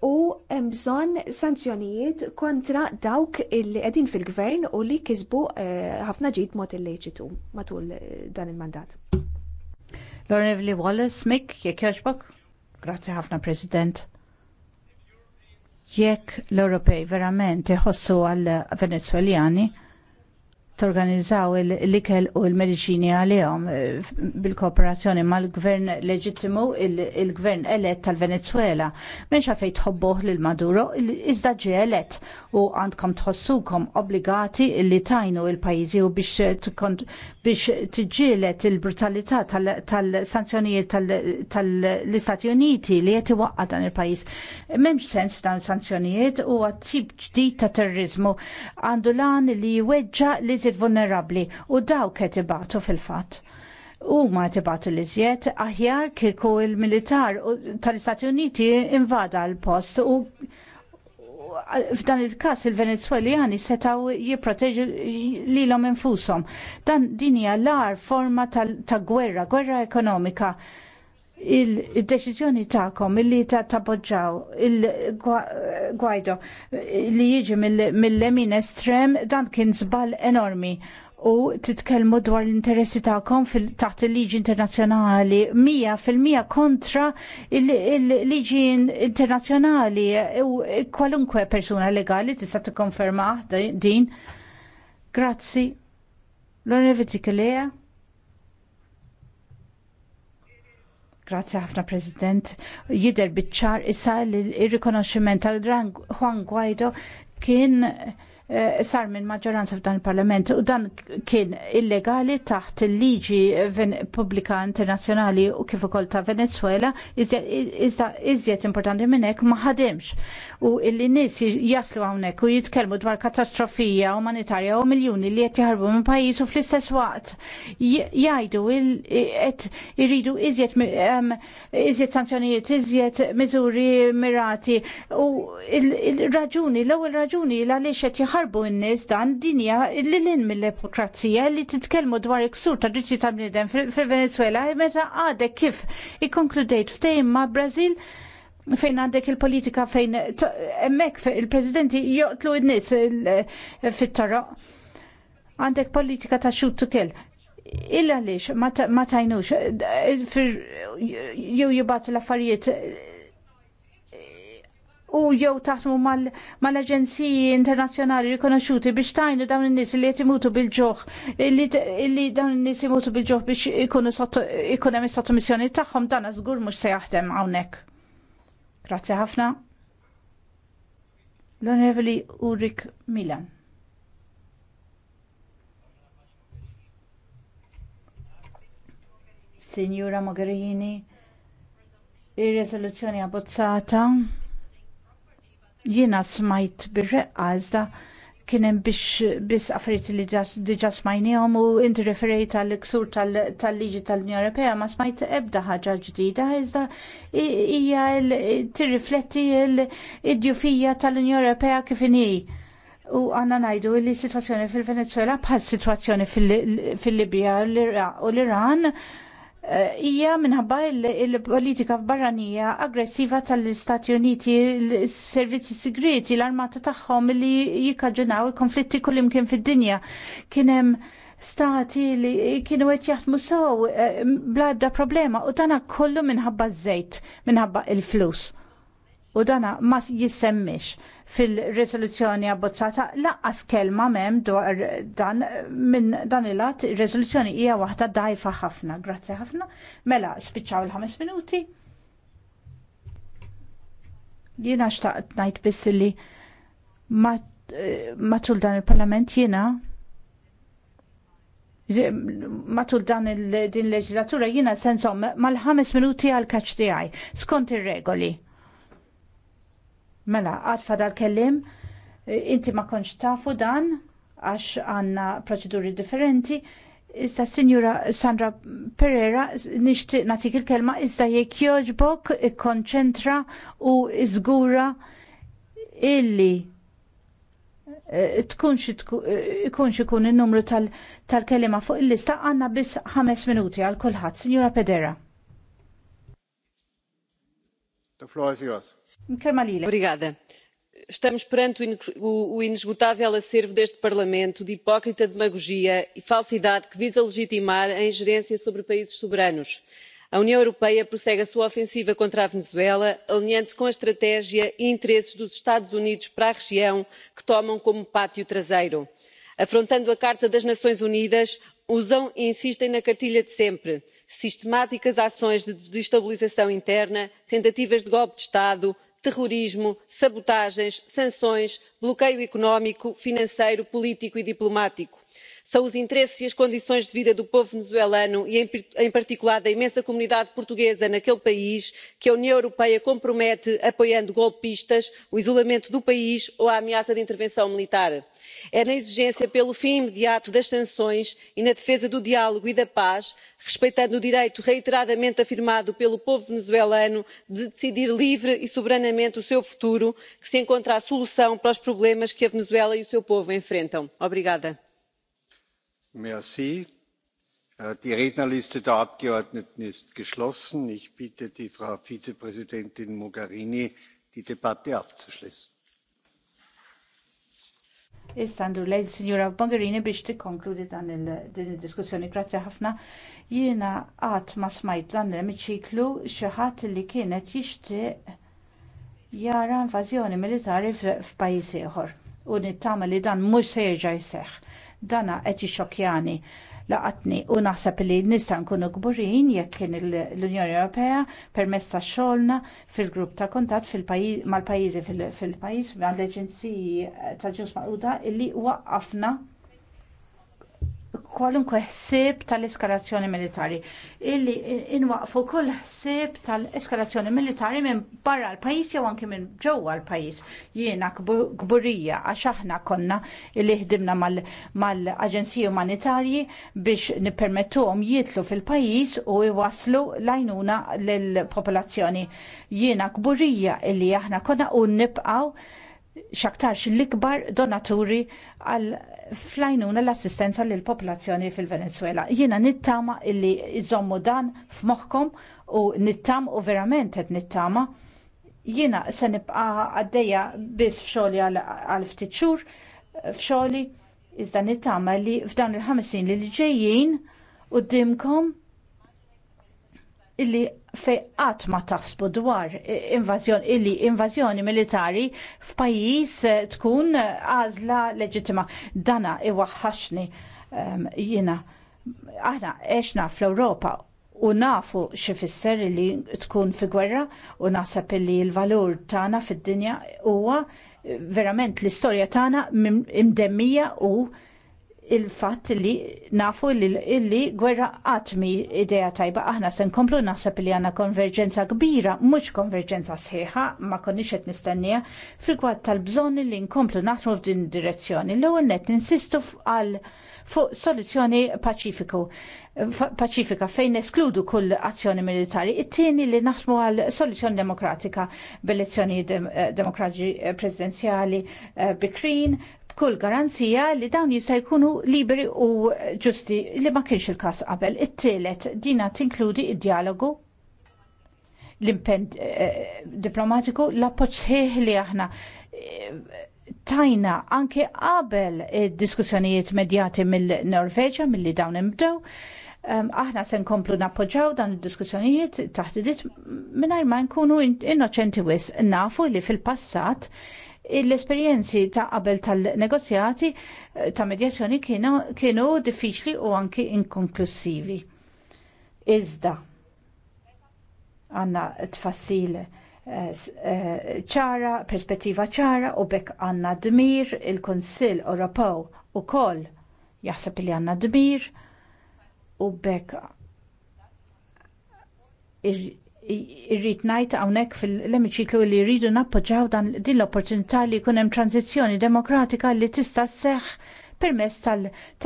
u hemm bżonn sanzjonijiet kontra dawk li qegħdin fil-gvern u li kisbu eh, ħafna ġid mod illeċitu matul eh, dan il-mandat. L-Onorevoli Wallace, Mick, jekk jogħġbok? Grazzi ħafna, President. Jekk l-Ewropej verament iħossu għal Venezueljani, torganizzaw l-ikel u l-medicini għalihom eh, bil-kooperazzjoni mal-gvern leġittimu il-gvern elett tal-Venezuela. Menx għafej tħobboħ l Maduro iżda ġie elett u għandkom tħossukom obbligati li tajnu il-pajizi u biex tiġġielet il-brutalità tal-sanzjonijiet tal-Istati Uniti li qed iwaqqa dan il-pajjiż. M'hemmx sens f'dan sanzjonijiet u għat-tip ġdid ta' terrorizmu għandu lan li jweġġa li il-pajjiżiet vulnerabbli u dawk qed ibatu fil-fatt. U ma tibatu li zjed, aħjar kieku il-militar tal-Istati Uniti invada l-post u f'dan il-kas il-Venezueljani setaw jiproteġu li l-om infusom. Dan dinja l-ar forma ta' gwerra, gwerra ekonomika il-deċizjoni ta'kom illi ta' tapoġġaw il-gwajdo li jiġi mill-lemin estrem dan kien zbal enormi u titkellmu dwar l-interessi ta'kom taħt il-liġi internazzjonali mija fil-mija kontra il-liġi internazzjonali u kwalunkwe persuna legali tista' tikkonferma din. Grazzi. L-onorevoli Kelea. Grazie ħafna President. Jider bitċar issa il-rikonoxximent tal-Gran Juan Guaido kien eh, sar minn maġġoranza f'dan il-Parlament u dan kien illegali taħt il-liġi pubblika internazzjonali u kif ukoll ta' Venezuela iżjed importanti minn hekk ma ħademx u illi nies jaslu hawnhekk u jitkellmu dwar katastrofija umanitarja u miljuni li qed jaħarbu minn pajjiż u fl-istess waqt jgħidu qed iridu iżjed iżjed sanzjonijiet, iżjed miżuri mirati u il-raġuni, l-ewwel raġuni l għaliex qed jaħarbu n-nies dan dinja lilin mill-epokrazija li titkellmu dwar iksur ta' dritti tal-bniedem fil-Venezuela meta għadek kif ikkonkludejt ftehim ma' Brażil fejn għandek il-politika fejn emmek il-prezidenti joqtlu n-nis fit-toroq. Għandek politika ta' xut tukel. Illa lix, ma tajnux, jew jibat l-affarijiet u jew taħdmu mal-aġenziji mal internazzjonali rikonoxxuti biex tajnu dawn in-nies li qed imutu bil-ġoħ li dawn in-nies imutu bil-ġoħ biex ikunu ikun hemm is-sottomissjoni tagħhom dan żgur mhux se jaħdem hawnhekk. Grazie ħafna. L-Onorevoli Ulrik Milan. Signora Mogherini, ir-rezoluzzjoni abbozzata jiena smajt bir-reqqa kien hemm biex biss affarijiet li diġà smajniehom u inti referej tal ksur tal-liġi tal-Unjoni Ewropea ma smajt ebda ħaġa ġdida iżda hija tirrifletti l-idjufija tal-Unjoni Ewropea kif inhi. U għanna najdu li situazzjoni fil-Venezuela bħal situazzjoni fil-Libja u l-Iran Eh, hija minħabba il-politika barranija aggressiva tal-Istati Uniti, il-servizzi segreti, l-armata tagħhom li jikkaġunaw il-konflitti kullimkien fid-dinja. Kien hemm stati li kienu qed jaħdmu sew eh, bl problema u dana kollu minħabba żejt, minħabba il-flus. U dana ma jissemmix fil-rezoluzzjoni abbozzata laqqas kelma mem dwar dan minn dan il-att ir-rezoluzzjoni hija waħda dajfa ħafna. Grazzi ħafna. Mela spiċċaw il-ħames minuti. Jiena xtaqt ngħid biss li matul dan il-Parlament jiena matul dan il-din leġilatura jiena sensom mal-ħames minuti għal kaċ tiegħi skont ir-regoli. Mela, għadfa dal-kellim, inti ma konċ tafu dan, għax għanna proċeduri differenti, Issa Signora Sandra Pereira, nixtieq nagħtik il-kelma, iżda jek jogħġbok ikkonċentra u izgura illi eh, tkunx eh, ikun in numru tal kelliema fuq il-lista għandna biss ħames minuti għal kulħadd. Signora Pedera. The floor is yours. Obrigada. Estamos perante o inesgotável acervo deste Parlamento de hipócrita demagogia e falsidade que visa legitimar a ingerência sobre países soberanos. A União Europeia prossegue a sua ofensiva contra a Venezuela, alinhando-se com a estratégia e interesses dos Estados Unidos para a região, que tomam como pátio traseiro. Afrontando a Carta das Nações Unidas, usam e insistem na cartilha de sempre sistemáticas ações de desestabilização interna tentativas de golpe de estado terrorismo sabotagens sanções bloqueio econômico financeiro político e diplomático são os interesses e as condições de vida do povo venezuelano e em particular da imensa comunidade portuguesa naquele país que a união europeia compromete apoiando golpistas o isolamento do país ou a ameaça de intervenção militar. é na exigência pelo fim imediato das sanções e na defesa do diálogo e da paz respeitando o direito reiteradamente afirmado pelo povo venezuelano de decidir livre e soberanamente o seu futuro que se encontra a solução para os problemas que a venezuela e o seu povo enfrentam. obrigada. Äh, die Rednerliste der Abgeordneten ist geschlossen. Ich bitte die Frau Vizepräsidentin Mogherini, die Debatte abzuschließen. Istandu lejn Signora Mogherini biex tikkonkludi dan din id-diskussjoni. Grazzi ħafna. Jiena qatt ma smajt dan l-emiċiklu xi ħadd li kienet jixtieq jara invażjoni militari f'pajjiż ieħor u nittama li dan mhux se jerġa' jseħħ. Dana qed jixxokkjani laqatni u naħseb li nista' nkunu kburin jekk kien l-Unjoni Ewropea permezz tax xogħolna fil-grupp ta' kuntatt mal-pajjiżi fil-pajjiż mal-Aġenziji ta' Ġus Maquda illi waqqafna kwalunkwe ħsieb tal-eskalazzjoni militari illi inwaqfu kull ħsieb tal-eskalazzjoni militari minn barra l-pajis jew anki minn ġewwa l-pajis jiena gburija għax aħna konna illi ħdimna mal-aġenziji umanitarji biex nippermettuhom jitlu fil-pajis u iwaslu lajnuna lill popolazzjoni Jiena gburija illi aħna konna u nibqgħu xaktarx l-ikbar donaturi għal flajnuna l-assistenza lill popolazzjoni fil-Venezuela. Jiena nittama illi iżommu dan f'moħħkom u nittam u verament qed nittama. Jiena se nibqa għaddejja biss f'xogħli għal ftit xhur f'xogħli iżda nittama li f'dan il-ħamsin li ġejjin qudiemkom illi fej qatt ma taħsbu dwar invażjoni illi invazjoni militari f'pajjiż eh, tkun eh, għażla leġittima. Dana iwaħħaxni um, ehm, jina. aħna għexna fl-Ewropa u nafu xifisser li tkun fi gwerra u nasab li l-valur tagħna fid-dinja huwa eh, verament l-istorja tagħna imdemmija u il-fatt li nafu li gwerra għatmi ideja tajba aħna se nkomplu naħseb li għandna konverġenza kbira, mhux konverġenza sħiħa, ma konniex qed nistennija fil tal-bżonn li nkomplu naħdmu f'din id direzzjoni. L-ewwel nett insistu għal fuq soluzzjoni paċifiku paċifika fejn eskludu kull azzjoni militari. It-tieni li naħdmu għal soluzzjoni demokratika b'elezzjoni eh, demokratiċi eh, prezidenzjali eh, bikrin b'kull garanzija li dawn jista' jkunu liberi u ġusti li ma kienx il-każ qabel. It-tielet dina tinkludi id-dialogu l-impend eh, diplomatiku l-appoġġ sħiħ li aħna eh, tajna anke qabel id-diskussjonijiet medjati mill-Norveġa milli dawn imbdew. Um, aħna se nkomplu nappoġġaw dan id-diskussjonijiet taħt id-dit mingħajr ma nkunu innoċenti wis nafu li fil-passat L-esperjenzi ta' qabel tal-negozjati eh, ta' medjazzjoni kienu diffiċli u anki inkonklusivi. Iżda għanna tfassil eh, eh, ċara, perspettiva ċara u bekk għanna dmir il-Konsil Ewropew u jaħseb li għanna dmir u bekk irrid ngħid hawnhekk fil-emiċiklu li jridu nappoġġjaw dan din l-opportunità li jkun hemm tranzizzjoni demokratika li tista' sseħħ permezz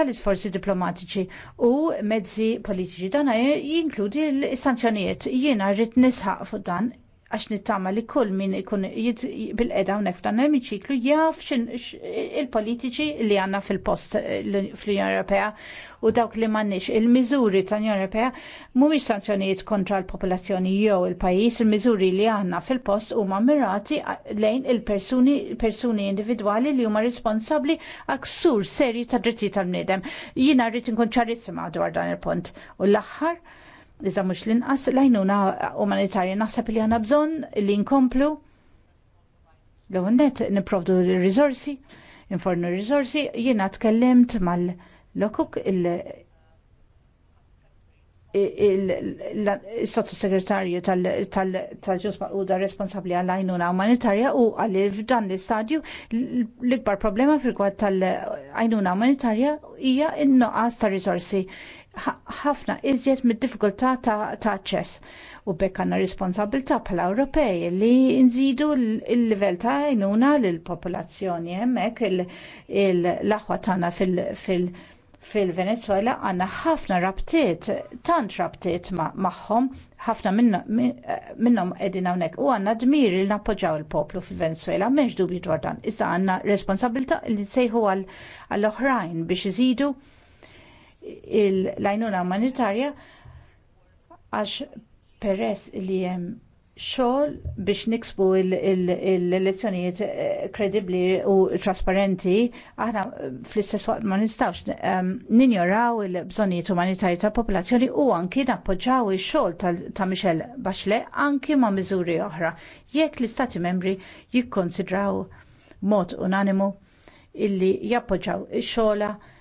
tal-isforzi diplomatiċi u mezzi politiċi. Dan jinkludi l-sanzjonijiet. Jiena rrid nisħaq fuq dan għax nittama li kull min ikun bil-qeda hawnhekk f'dan l-emiċiklu jaf il-politiċi li għandna fil-post eh, fl-Unjoni Ewropea u dawk li m'għandniex il-miżuri tal-Unjoni Ewropea mhumiex sanzjonijiet kontra l-popolazzjoni jew il-pajjiż, il-miżuri li għandna fil-post huma mirati lejn il-persuni persuni individwali li huma responsabbli għaksur serji ta' dritti tal-bniedem. Jina rrid inkun ċarissima dwar dan il-punt. U l-aħħar Iżda mhux l-inqas l-għajnuna umanitarja naħseb li għandna bżonn li nkomplu l-ewwel net nipprovdu r rizorsi infornu r rizorsi jiena tkellimt mal-lokuk il-sottosegretarju tal-ġus da responsabli għall-għajnuna umanitarja u għal-irf f'dan l-istadju l-ikbar problema fil tal-għajnuna umanitarja hija n-noqas ta' risorsi ħafna iżjed mid-diffikultà ta' aċċess. U bekk għandna responsabilità bħala Ewropej li nżidu l-livell ta' għajnuna lill-popolazzjoni hemmhekk l-aħwa tagħna fil- venezwela venezuela għandna ħafna rabtiet, tant rabtiet magħhom, ħafna minnhom qegħdin hawnhekk u għandna dmir li nappoġġaw il-poplu fil-Venezuela, m'hemmx dubju dwar dan. Issa għandna responsabilità li nsejħu għall-oħrajn biex iżidu l-għajnuna umanitarja għax peress li hemm xogħol biex niksbu l-elezzjonijiet eh, kredibbli u trasparenti, aħna fl-istess waqt ma nistawx ehm, ninjoraw il-bżonnijiet umanitarji tal-popolazzjoni u anki nappoġġaw ix-xogħol ta' Michel Bachelet anki ma' miżuri oħra jekk l-Istati membri jikkonsidraw mod unanimu illi jappoġġaw ix-xogħla il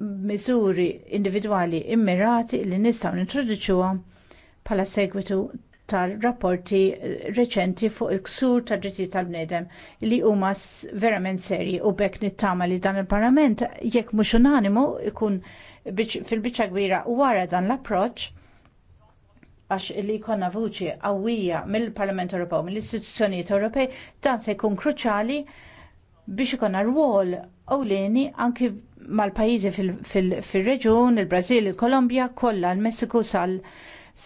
miżuri individwali immirati li nistgħu nintroduċuhom bħala segwitu tal-rapporti reċenti fuq il-ksur tad dritti tal-bnedem li huma verament serji u bekk nittama li dan il-parlament jekk mhux unanimu ikun fil-biċċa kbira wara dan l-approċċ għax li jkollna vuċi qawwija mill-Parlament Ewropew, mill-istituzzjonijiet Ewropej, dan se jkun kruċjali biex ikonna rwol ewlieni anki mal-pajizi fil-reġun, il-Brazil, il-Kolombja, kollha l-Messiku sal,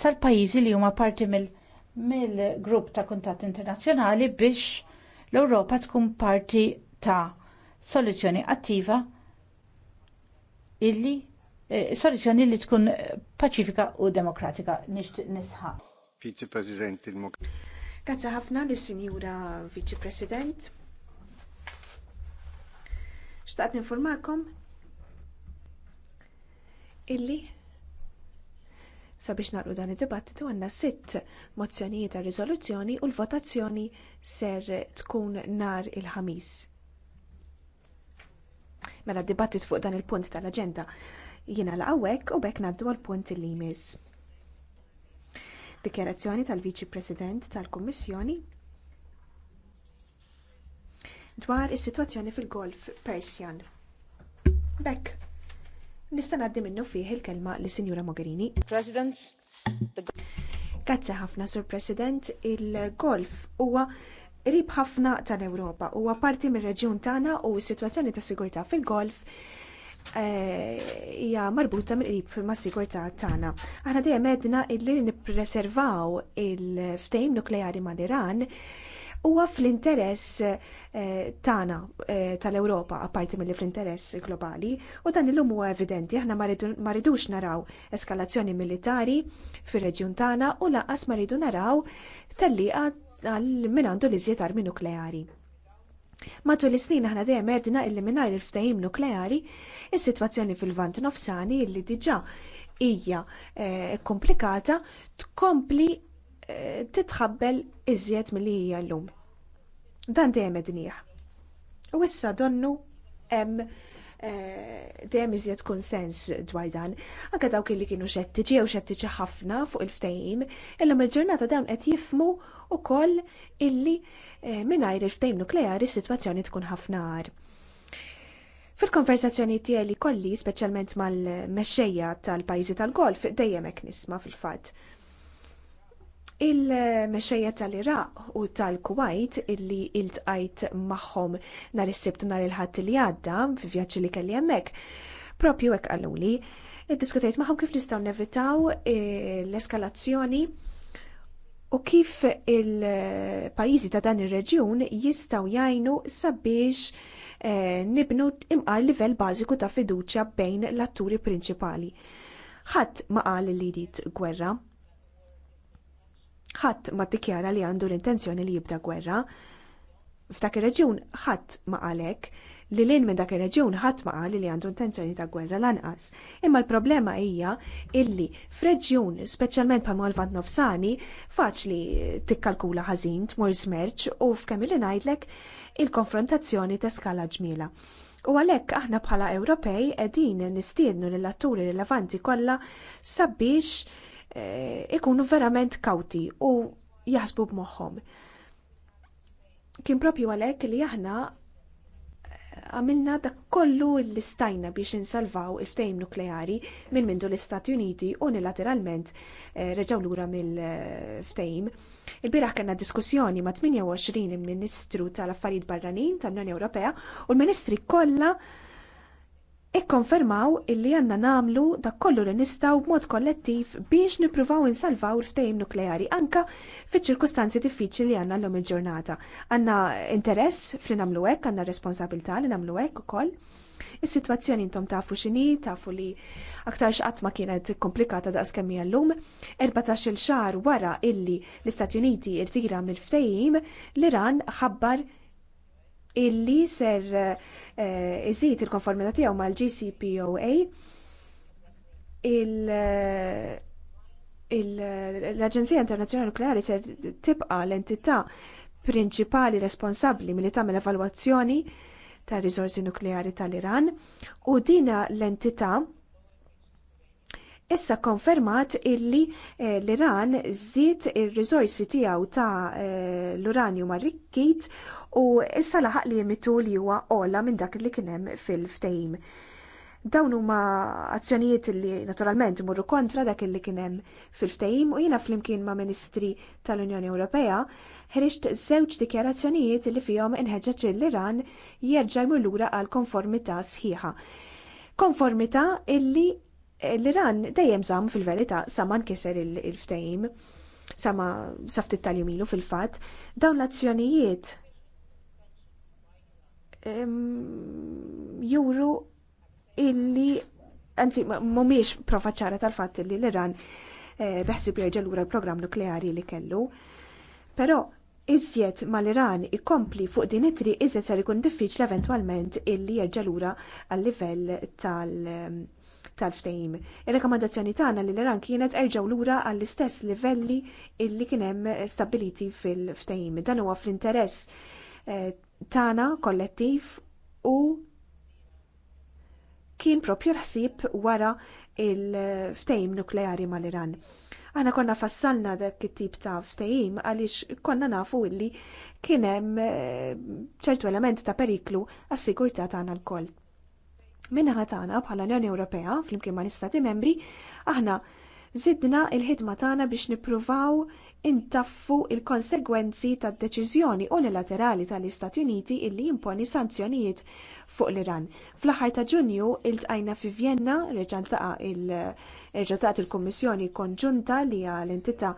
sal pajjiżi li huma parti mill-grupp ta' kuntatt internazzjonali biex l-Ewropa tkun parti ta' soluzzjoni attiva illi eh, soluzzjoni li tkun paċifika u demokratika nixtieq nisħa. Vice President il-Mok. Grazzi ħafna lis-Sinjura Viċi President xtaqt informakom illi sabiex nagħlqu dan id-dibattitu għandna sitt mozzjonijiet ta' riżoluzzjoni u l-votazzjoni ser tkun nhar il-ħamis. Mela d-dibattit fuq dan il-punt tal-aġenda jiena la hawnhekk u bekk ngħaddu għall punt li jmiss. Dikjarazzjoni tal-Viċi President tal-Kummissjoni dwar is-sitwazzjoni fil-Golf Persjan. Bekk. Nista' ngħaddi minnu fih il-kelma lis sinjura Mogherini. President. ħafna, Sur President. Il-golf huwa rib ħafna tal-Ewropa, huwa parti mir-reġjun tagħna u s-sitwazzjoni ta' sigurtà fil-golf eh, hija e, marbuta mill-qrib mas sigurtà tagħna. Aħna dejjem għedna illi nippreservaw il-ftehim nukleari mal-Iran huwa fl-interess eh, tagħna eh, tal-Ewropa apparti milli fl-interess globali u dan illum huwa evidenti aħna ma rridux naraw eskalazzjoni militari fir-reġjun tagħna u lanqas ma ridu naraw tellieqa għal min għandu l-iżjed armi nukleari. Matul is-snin aħna dejjem għedna illi il-ftehim nukleari, is-sitwazzjoni fil-vant nofsani illi diġà hija eh, komplikata tkompli titħabbel iżjed milli hija llum. Dan dejjem dinjih. U issa donnu hemm eh, dejjem iżjed konsens dwar dan. Anke dawk li kienu xettiċi jew xettiċi ħafna fuq il-ftehim, illa il-ġurnata dawn qed jifmu wkoll illi eh, mingħajr il-ftehim nukleari s-sitwazzjoni tkun ħafna għar. Fil-konversazzjoni tiegħi li kolli speċjalment mal-mexxejja tal-pajjiżi tal-golf dejjem hekk nisma' fil-fatt. Il-mexxejja tal-Iraq u tal-Kuwait illi iltqajt magħhom nhar is-Sibt u nhar il-Ħadd li għadda fi vjaġġi li kelli hemmhekk, propju hekk qaluli, iddiskutejt magħhom kif nistgħu nevitaw eh, l-eskalazzjoni u kif il-pajjiżi ta' dan ir-reġjun jistgħu jgħinu sabiex eh, nibnu imqar livell bażiku ta' fiduċja bejn l-atturi prinċipali. Ħadd ma qal li jrid gwerra, ħadd ma ddikjara li għandu l-intenzjoni li jibda gwerra. F'dak ir-reġjun ħadd ma għalek li lin minn dak ir-reġjun ħadd ma qal li għandu intenzjoni ta' gwerra lanqas. Imma l-problema hija illi f'reġjun speċjalment bħal Malvant Nofsani faċli tikkalkula ħażin tmur smerċ u f'kemm li ngħidlek il-konfrontazzjoni teskala ġmiela. U għalhekk aħna bħala Ewropej qegħdin nistiednu lill-atturi rilevanti kollha sabiex Eh, ikunu verament kawti u jaħsbu b'moħħom. Kien propju għalhekk li aħna eh, għamilna dak kollu l-istajna biex insalvaw il-ftejm nukleari minn mindu l-Istati Uniti unilateralment eh, reġaw lura mill-ftejm. Il-biraħ kena diskussjoni ma' 28 il-Ministru tal-Affarijiet Barranin tal-Unjoni Ewropea u l-Ministri kollha ikkonfermaw illi għandna nagħmlu dak kollu li nistgħu b'mod kollettiv biex nippruvaw insalvaw il-ftehim nukleari anke fiċ-ċirkustanzi diffiċli li għandna llum il-ġurnata. Għandna interess fli nagħmlu hekk, għandna responsabilità li nagħmlu hekk ukoll. Is-sitwazzjoni intom tafu x'inhi, tafu li aktar x'qatt ma kienet komplikata daqs kemm hija llum, 14-il xahar wara illi l-Istati Uniti rtira mill-ftehim l-Iran ħabbar illi ser eh, iżid il-konformità tiegħu mal-GCPOA l-Aġenzija Internazzjonali Nukleari ser tibqa l-entità prinċipali responsabbli milli tagħmel evalwazzjoni tar riżorsi nukleari tal-Iran u dina l-entità issa konfermat illi eh, l-Iran żied ir-riżorsi tiegħu ta' eh, l-uranju mar u issa laħaq li jemitu li huwa ola minn dak li kien hemm fil-ftehim. Dawn huma azzjonijiet li naturalment imorru kontra dak li kien hemm fil-ftehim u jiena flimkien ma' Ministri tal-Unjoni Ewropea ħriġt żewġ dikjarazzjonijiet li fihom inħeġġeġ l-Iran jerġa' jmur lura għal konformità sħiħa. Konformità illi l-Iran dejjem żamm fil-verità sa ma nkiser il-ftehim sama saftit tal-jumilu fil-fatt dawn l-azzjonijiet juru illi anzi mumiex profa ċara tal-fatt li l-Iran eh, beħsib jerġa' lura l-programm nukleari li kellu. Però iżjed mal-Iran ikompli fuq din it-tri iżjed ser ikun diffiċli eventwalment illi jerġa' lura għal-livell tal- tal-ftehim. Ir-rekomandazzjoni tagħna li l-Iran kienet l lura għall-istess livelli illi kien hemm stabiliti fil-ftehim. Dan huwa fl-interess eh, tagħna kollettiv u kien propju l-ħsieb wara il ftehim nukleari mal-Iran. Aħna konna fassalna dak it-tip ta' ftehim għaliex konna nafu illi kien hemm eh, ċertu element ta' periklu għas-sigurtà tagħna lkoll. Min-naħa tagħna bħala Unjoni Ewropea flimkien mal istati membri aħna Zidna l ħidma tagħna biex nippruvaw intaffu l konsegwenzi tad-deċiżjoni unilaterali tal-Istati Uniti illi jimponi sanzjonijiet fuq l-Iran. Fl-aħħar ta' Ġunju iltqajna fi Vienna reġantaqa il il-Kummissjoni Konġunta li l entità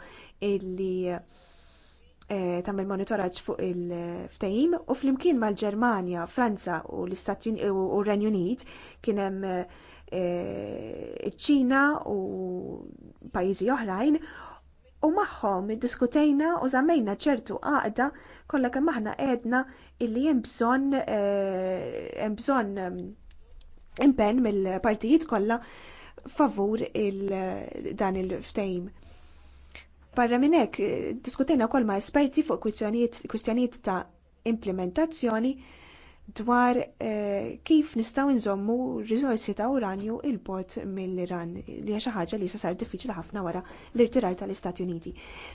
illi eh, tagħmel monitoraġġ fuq il-ftehim u flimkien mal-Ġermanja, Franza u l-Istati u r-Renju Unit kien hemm E, ċina u pajjiżi oħrajn u magħhom iddiskutejna u żammejna ċertu għaqda kollha kemm aħna qedna illi hemm bżonn e, hemm bżonn impenn mill-partijiet kollha favur dan il-ftejm. Barra minn hekk diskutejna wkoll ma' esperti fuq kwistjonijiet ta' implementazzjoni dwar eh, kif nistgħu nżommu riżorsi ta' uranju il-bot mill-Iran li hija xi ħaġa li se sar diffiċli ħafna wara l-irtirar tal-Istati Uniti.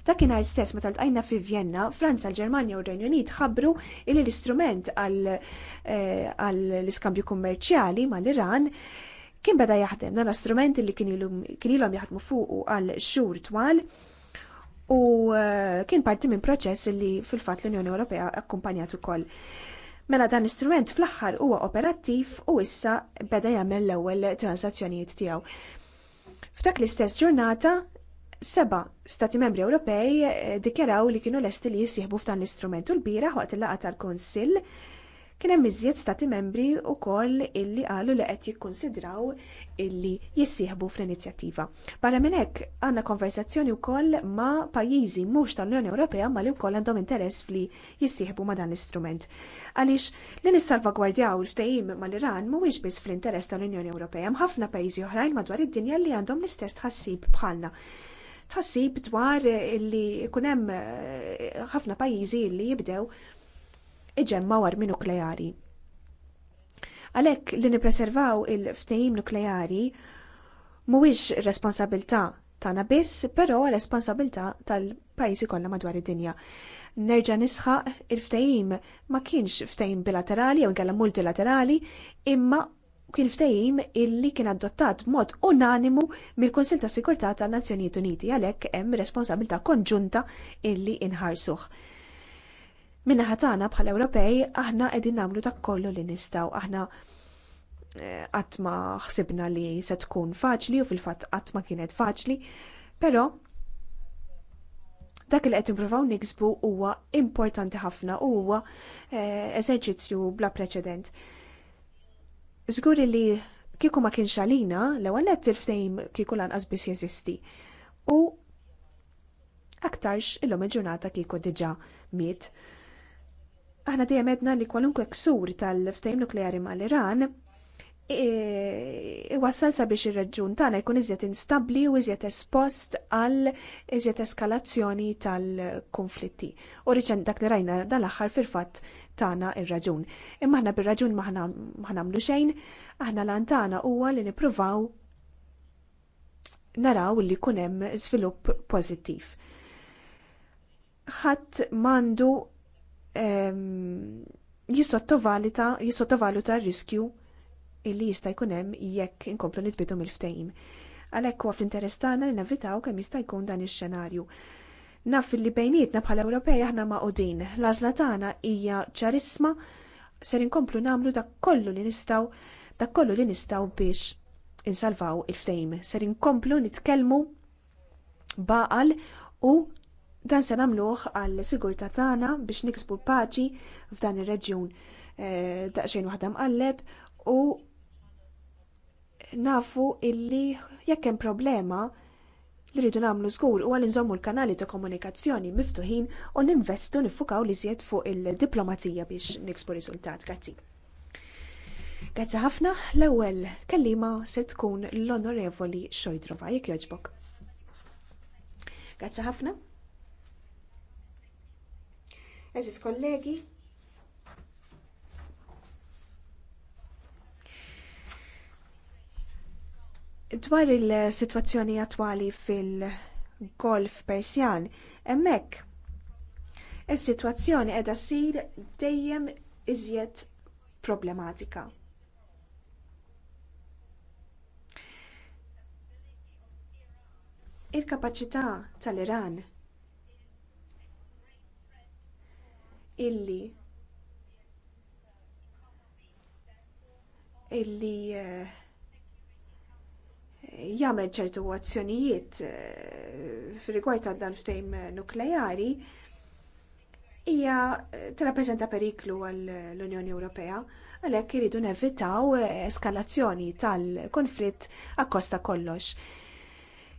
Dakinhar stess meta ltqajna fi Vjenna, Franza, l-Ġermanja u r-Renju Unit ħabbru li l-istrument għall-iskambju eh, kummerċjali mal-Iran kien beda jaħdem dan l-istrument li kien ilhom jaħdmu fuqu għal xhur twal u eh, kien parti minn proċess li fil-fatt l-Unjoni Ewropea akkumpanjat ukoll. koll Mela dan l-istrument fl-aħħar huwa operattiv u issa beda jagħmel l-ewwel transazzjonijiet tiegħu. F'dak l-istess ġurnata seba' stati membri Ewropej eh, dikjaraw li kienu lesti li jisieħbu f'dan l-istrument u l-bieraħ waqt il-laqgħa tal-Kunsill Kien hemm iżjed stati membri wkoll illi qalu li qed jikkunsidraw illi jissieħbu fl-inizjattiva. Barra minn hekk għandna konversazzjoni wkoll ma' pajjiżi mhux tal-Unjoni Ewropea ma li wkoll għandhom interess fli jissieħbu ma' dan l-istrument. Għaliex li nissalvagwardjaw il-ftehim mal-Iran mhuwiex biss fl-interess tal-Unjoni Ewropea, hemm ħafna pajjiżi oħrajn madwar id-dinja li għandhom l-istess tħassib bħalna tħassib dwar illi hemm eh, ħafna pajjiżi li jibdew iġemmaw armi nukleari. Għalhekk li nippreservaw il-ftehim nukleari mhuwiex responsabilità tagħna biss, però responsabilità tal-pajjiżi kollha madwar id-dinja. Nerġa' nisħaq il-ftehim ma kienx ftehim bilaterali jew inkella multilaterali, imma kien ftehim illi kien adottat b'mod unanimu mill-Kunsill tas Sigurtà tan-Nazzjonijiet Uniti għalhekk hemm responsabilità konġunta illi inħarsuh. Minna ħatana bħala Ewropej aħna qegħdin nagħmlu dak kollu li nistgħu aħna eh, qatt ma ħsibna li se tkun faċli u fil-fatt qatt ma kienet faċli, però dak li qed nippruvaw niksbu huwa importanti ħafna u huwa eh, eżerċizzju bla preċedent. Żgur li kieku ma kienx għalina, l-ewwel qed il kieku lanqas biss jeżisti. U aktarx illum il-ġurnata kieku diġà miet aħna dejjem għedna li kwalunkwe ksur tal-ftehim nukleari mal-Iran e, iwassal sabiex ir reġun tagħna jkun iżjed instabbli u iżjed espost għal iżjed eskalazzjoni tal-konflitti. U riċen dak li rajna dal-aħħar fil-fatt tagħna ir-raġun. Imma aħna bir-raġun ma nagħmlu xejn, aħna lan tagħna huwa li nippruvaw naraw li jkun hemm żvilupp pożittiv. Ħadd m'għandu Ehm, jisottovaluta jisottovaluta r-riskju illi jista' jkun hemm jekk inkomplu nitbidu mill-ftehim. Għalhekk huwa fl-interess tagħna li navvitaw kemm jista' jkun dan ix-xenarju. Naf li bejnietna bħala Ewropej aħna ma' qudin. L-għażla tagħna hija ċarisma ser inkomplu nagħmlu dak kollu li nistgħu dak kollu li nistgħu biex insalvaw il-ftehim. Ser inkomplu nitkellmu baqal u Dan se nagħmluh għall sigurtà tagħna biex niksbu paċi f'dan ir-reġjun eh, daqsxejn waħda mqalleb u nafu illi jekk hemm problema li rridu nagħmlu żgur huwa li nżommu l-kanali ta' komunikazzjoni miftuħin u ninvestu nifukaw li żjed fuq il-diplomazija biex niksbu riżultat. Grazzi. Grazzi ħafna l-ewwel kelliema se tkun l-Onorevoli Xojdrova jekk jogħġbok. Grazzi ħafna. Eżis kollegi, dwar il-sitwazzjoni attwali fil-golf Persjan, hemmhekk is-sitwazzjoni qiegħda ssir dejjem iżjed problematika. Il-kapaċità tal-Iran illi illi eh, jagħmel ċertu azzjonijiet eh, f'rigward għal dan ftehim nukleari hija eh, tirrappreżenta periklu għall unjoni Ewropea għalhekk iridu nevitaw eskalazzjoni tal-konflitt akkosta kollox.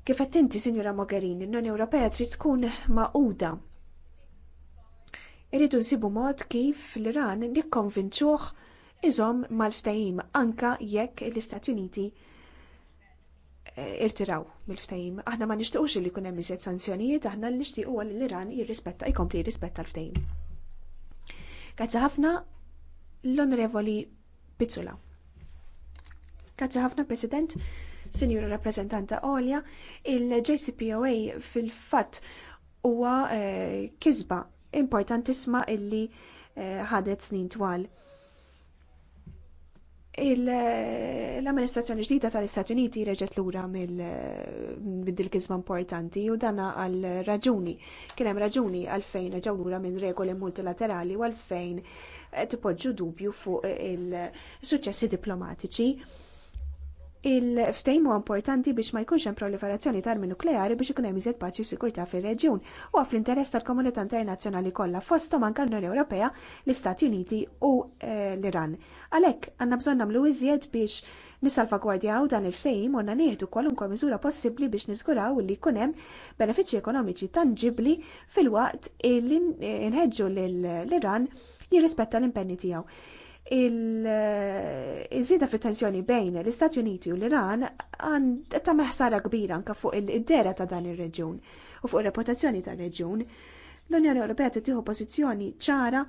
Kif qed inti, Sinjura Mogherini, l-Unjoni Ewropea trid tkun maquda Irridu nsibu mod kif l-Iran nikkonvinċuh iżom mal-ftajim anka jekk l-Istati Uniti eh, irtiraw mill-ftajim. Aħna ma nixtiequx li jkun hemm iżjed sanzjonijiet, aħna li nixtiequ li l-Iran jirrispetta jkompli jirrispetta l-ftajim. Grazzi ħafna l-Onorevoli Pizzula. Grazzi ħafna President, Senjur Rappresentanta Olja, il-JCPOA fil-fatt huwa eh, kisba Importantissima illi eh, ħadet snin twal. L-amministrazzjoni ġdida tal-Istati Uniti reġgħet lura mill-dil-kizma importanti u dana għal raġuni. Kien hemm raġuni għalfejn reġgħu lura minn regoli multilaterali u għalfejn eh, tipoġġu dubju fuq il-suċċessi diplomatiċi il huwa importanti biex ma jkunx hemm proliferazzjoni ta' armi nukleari biex ikun hemm iżjed paċi u sikurtà fir-reġjun u fl interess tal-komunità internazzjonali kollha fosthom anke l-Unjoni Ewropea, l-Istati Uniti u eh, l-Iran. Għalhekk għandna bżonn nagħmlu iżjed biex nissalvagwardjaw dan il-ftejm u nieħdu kwalunkwe miżura possibbli biex niżguraw li jkun hemm benefiċċji ekonomiċi tanġibbli fil-waqt li nħeġġu lill-Iran jirrispetta l-impenni tiegħu il-żieda fit tensjoni bejn l-Istati Uniti u l-Iran għand ta' meħsara kbira anke fuq id-dera ta' dan ir-reġjun u fuq ir-reputazzjoni tar-reġjun. L-Unjoni Ewropea tittieħu pożizzjoni ċara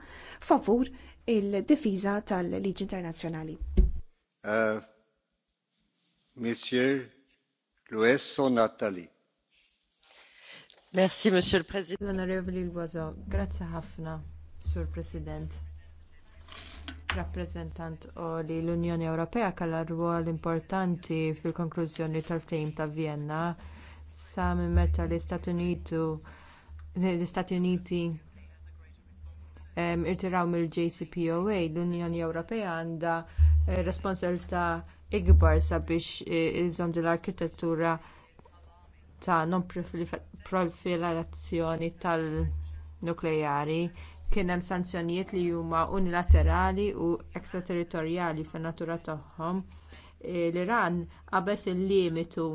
favur il-difiża tal-liġi internazzjonali. Uh, Monsieur Luesso Natali. Merci, Monsieur le Président. L'Onorevoli Loiseau, grazie ħafna, Sur President Rappreżentant għoli l-Unjoni Ewropea kellha rwol importanti fil-konklużjoni tal-ftehim ta' Vienna sa minn meta l-Istati Uniti irtiraw mill-JCPOA l-Unjoni Ewropea għandha eh, responsabilità ikbar sabiex eh, iżżomm l-arkitettura ta' non proliferazzjoni tal-nukleari kien hemm sanzjonijiet li huma unilaterali u ekstraterritorjali fin-natura tagħhom e, l-iran qabeż il-limitu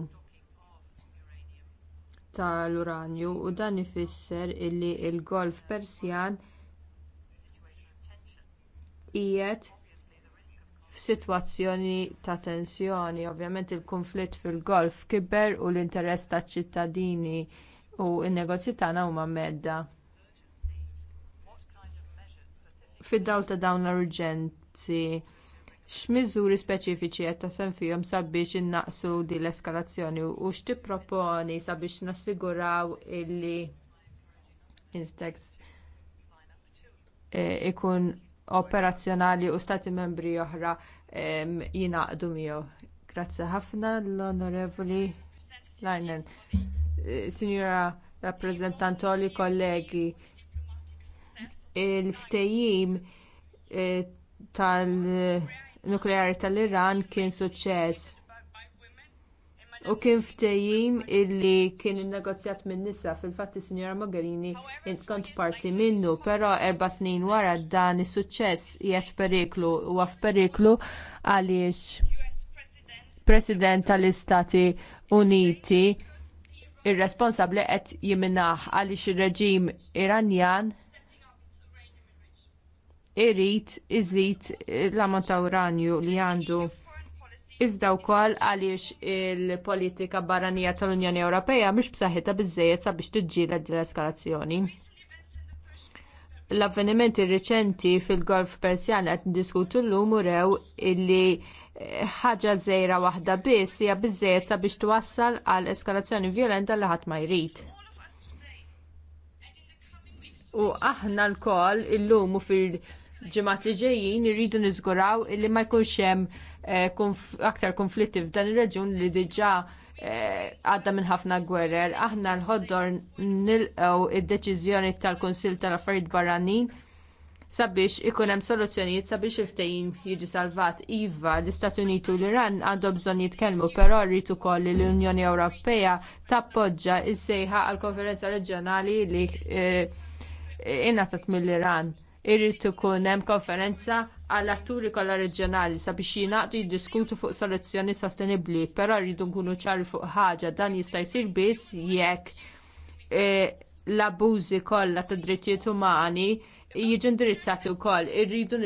tal-uranju u dan ifisser li l-golf persjan qiegħed f'sitwazzjoni ta' tensjoni ovvjament il-kunflitt fil-golf kiber u l-interess taċ-ċittadini u n-negozji tagħna huma medda fid-dawl ta' dawn l-urġenzi x'miżuri speċifiċi qed tassem fihom sabiex innaqsu din l-eskalazzjoni u x'tipproponi sabiex nassiguraw illi Instex eh, ikun operazzjonali u stati membri oħra jingħaqdu miegħu. Grazzi ħafna l-Onorevoli Leinen. Eh, Signora rappresentantoli kollegi, il-ftejjim eh, tal-nukleari tal-Iran kien suċċess. U kien ftehim illi kien innegozjat min nisa fil-fatt is-Sinjora Mogherini kont parti minnu, però erba' snin wara dan is-suċċess qiegħed periklu huwa f'periklu għaliex President tal-Istati Uniti irresponsabbli qed jiminaħ għaliex ir-reġim Iranjan irid iżid l-ammont ta' uranju li għandu iżda wkoll għaliex il-politika barranija tal-Unjoni Ewropea mhux b'saħħitha biżżejjed sabiex tiġġieled l-eskalazzjoni. L-avvenimenti riċenti fil-Golf Persjan qed ndiskutu llum u illi ħaġa żgħira waħda biss hija biżżejjed sabiex twassal għal eskalazzjoni vjolenta li ħadd ma jrid. U aħna lkoll illum u fil- ġimgħat li ġejjin irridu niżguraw li ma jkunx hemm eh, aktar konflitti f'dan ir-reġun li diġà eh, għadda minn ħafna gwerer. Aħna l-ħoddor nilqgħu id-deċiżjoni tal-Kunsill tal-Affarijiet Barranin sabiex ikun hemm soluzzjonijiet sabiex il-ftehim jiġi salvat. Iva, l-Istati Uniti u l-Iran għandhom bżonn jitkellmu, però rrid ukoll li l-Unjoni Ewropea tappoġġa s sejħa għall konferenza reġjonali li eh, ingħatat mill-Iran irrid ikun hemm konferenza għal atturi kollha reġjonali sabiex jingħaqdu jiddiskutu fuq soluzzjoni sostenibbli, però rridu nkunu ċari fuq ħaġa dan jista' jsir biss jekk e, l-abbużi kollha tad drittijiet umani jiġu indirizzati wkoll irridu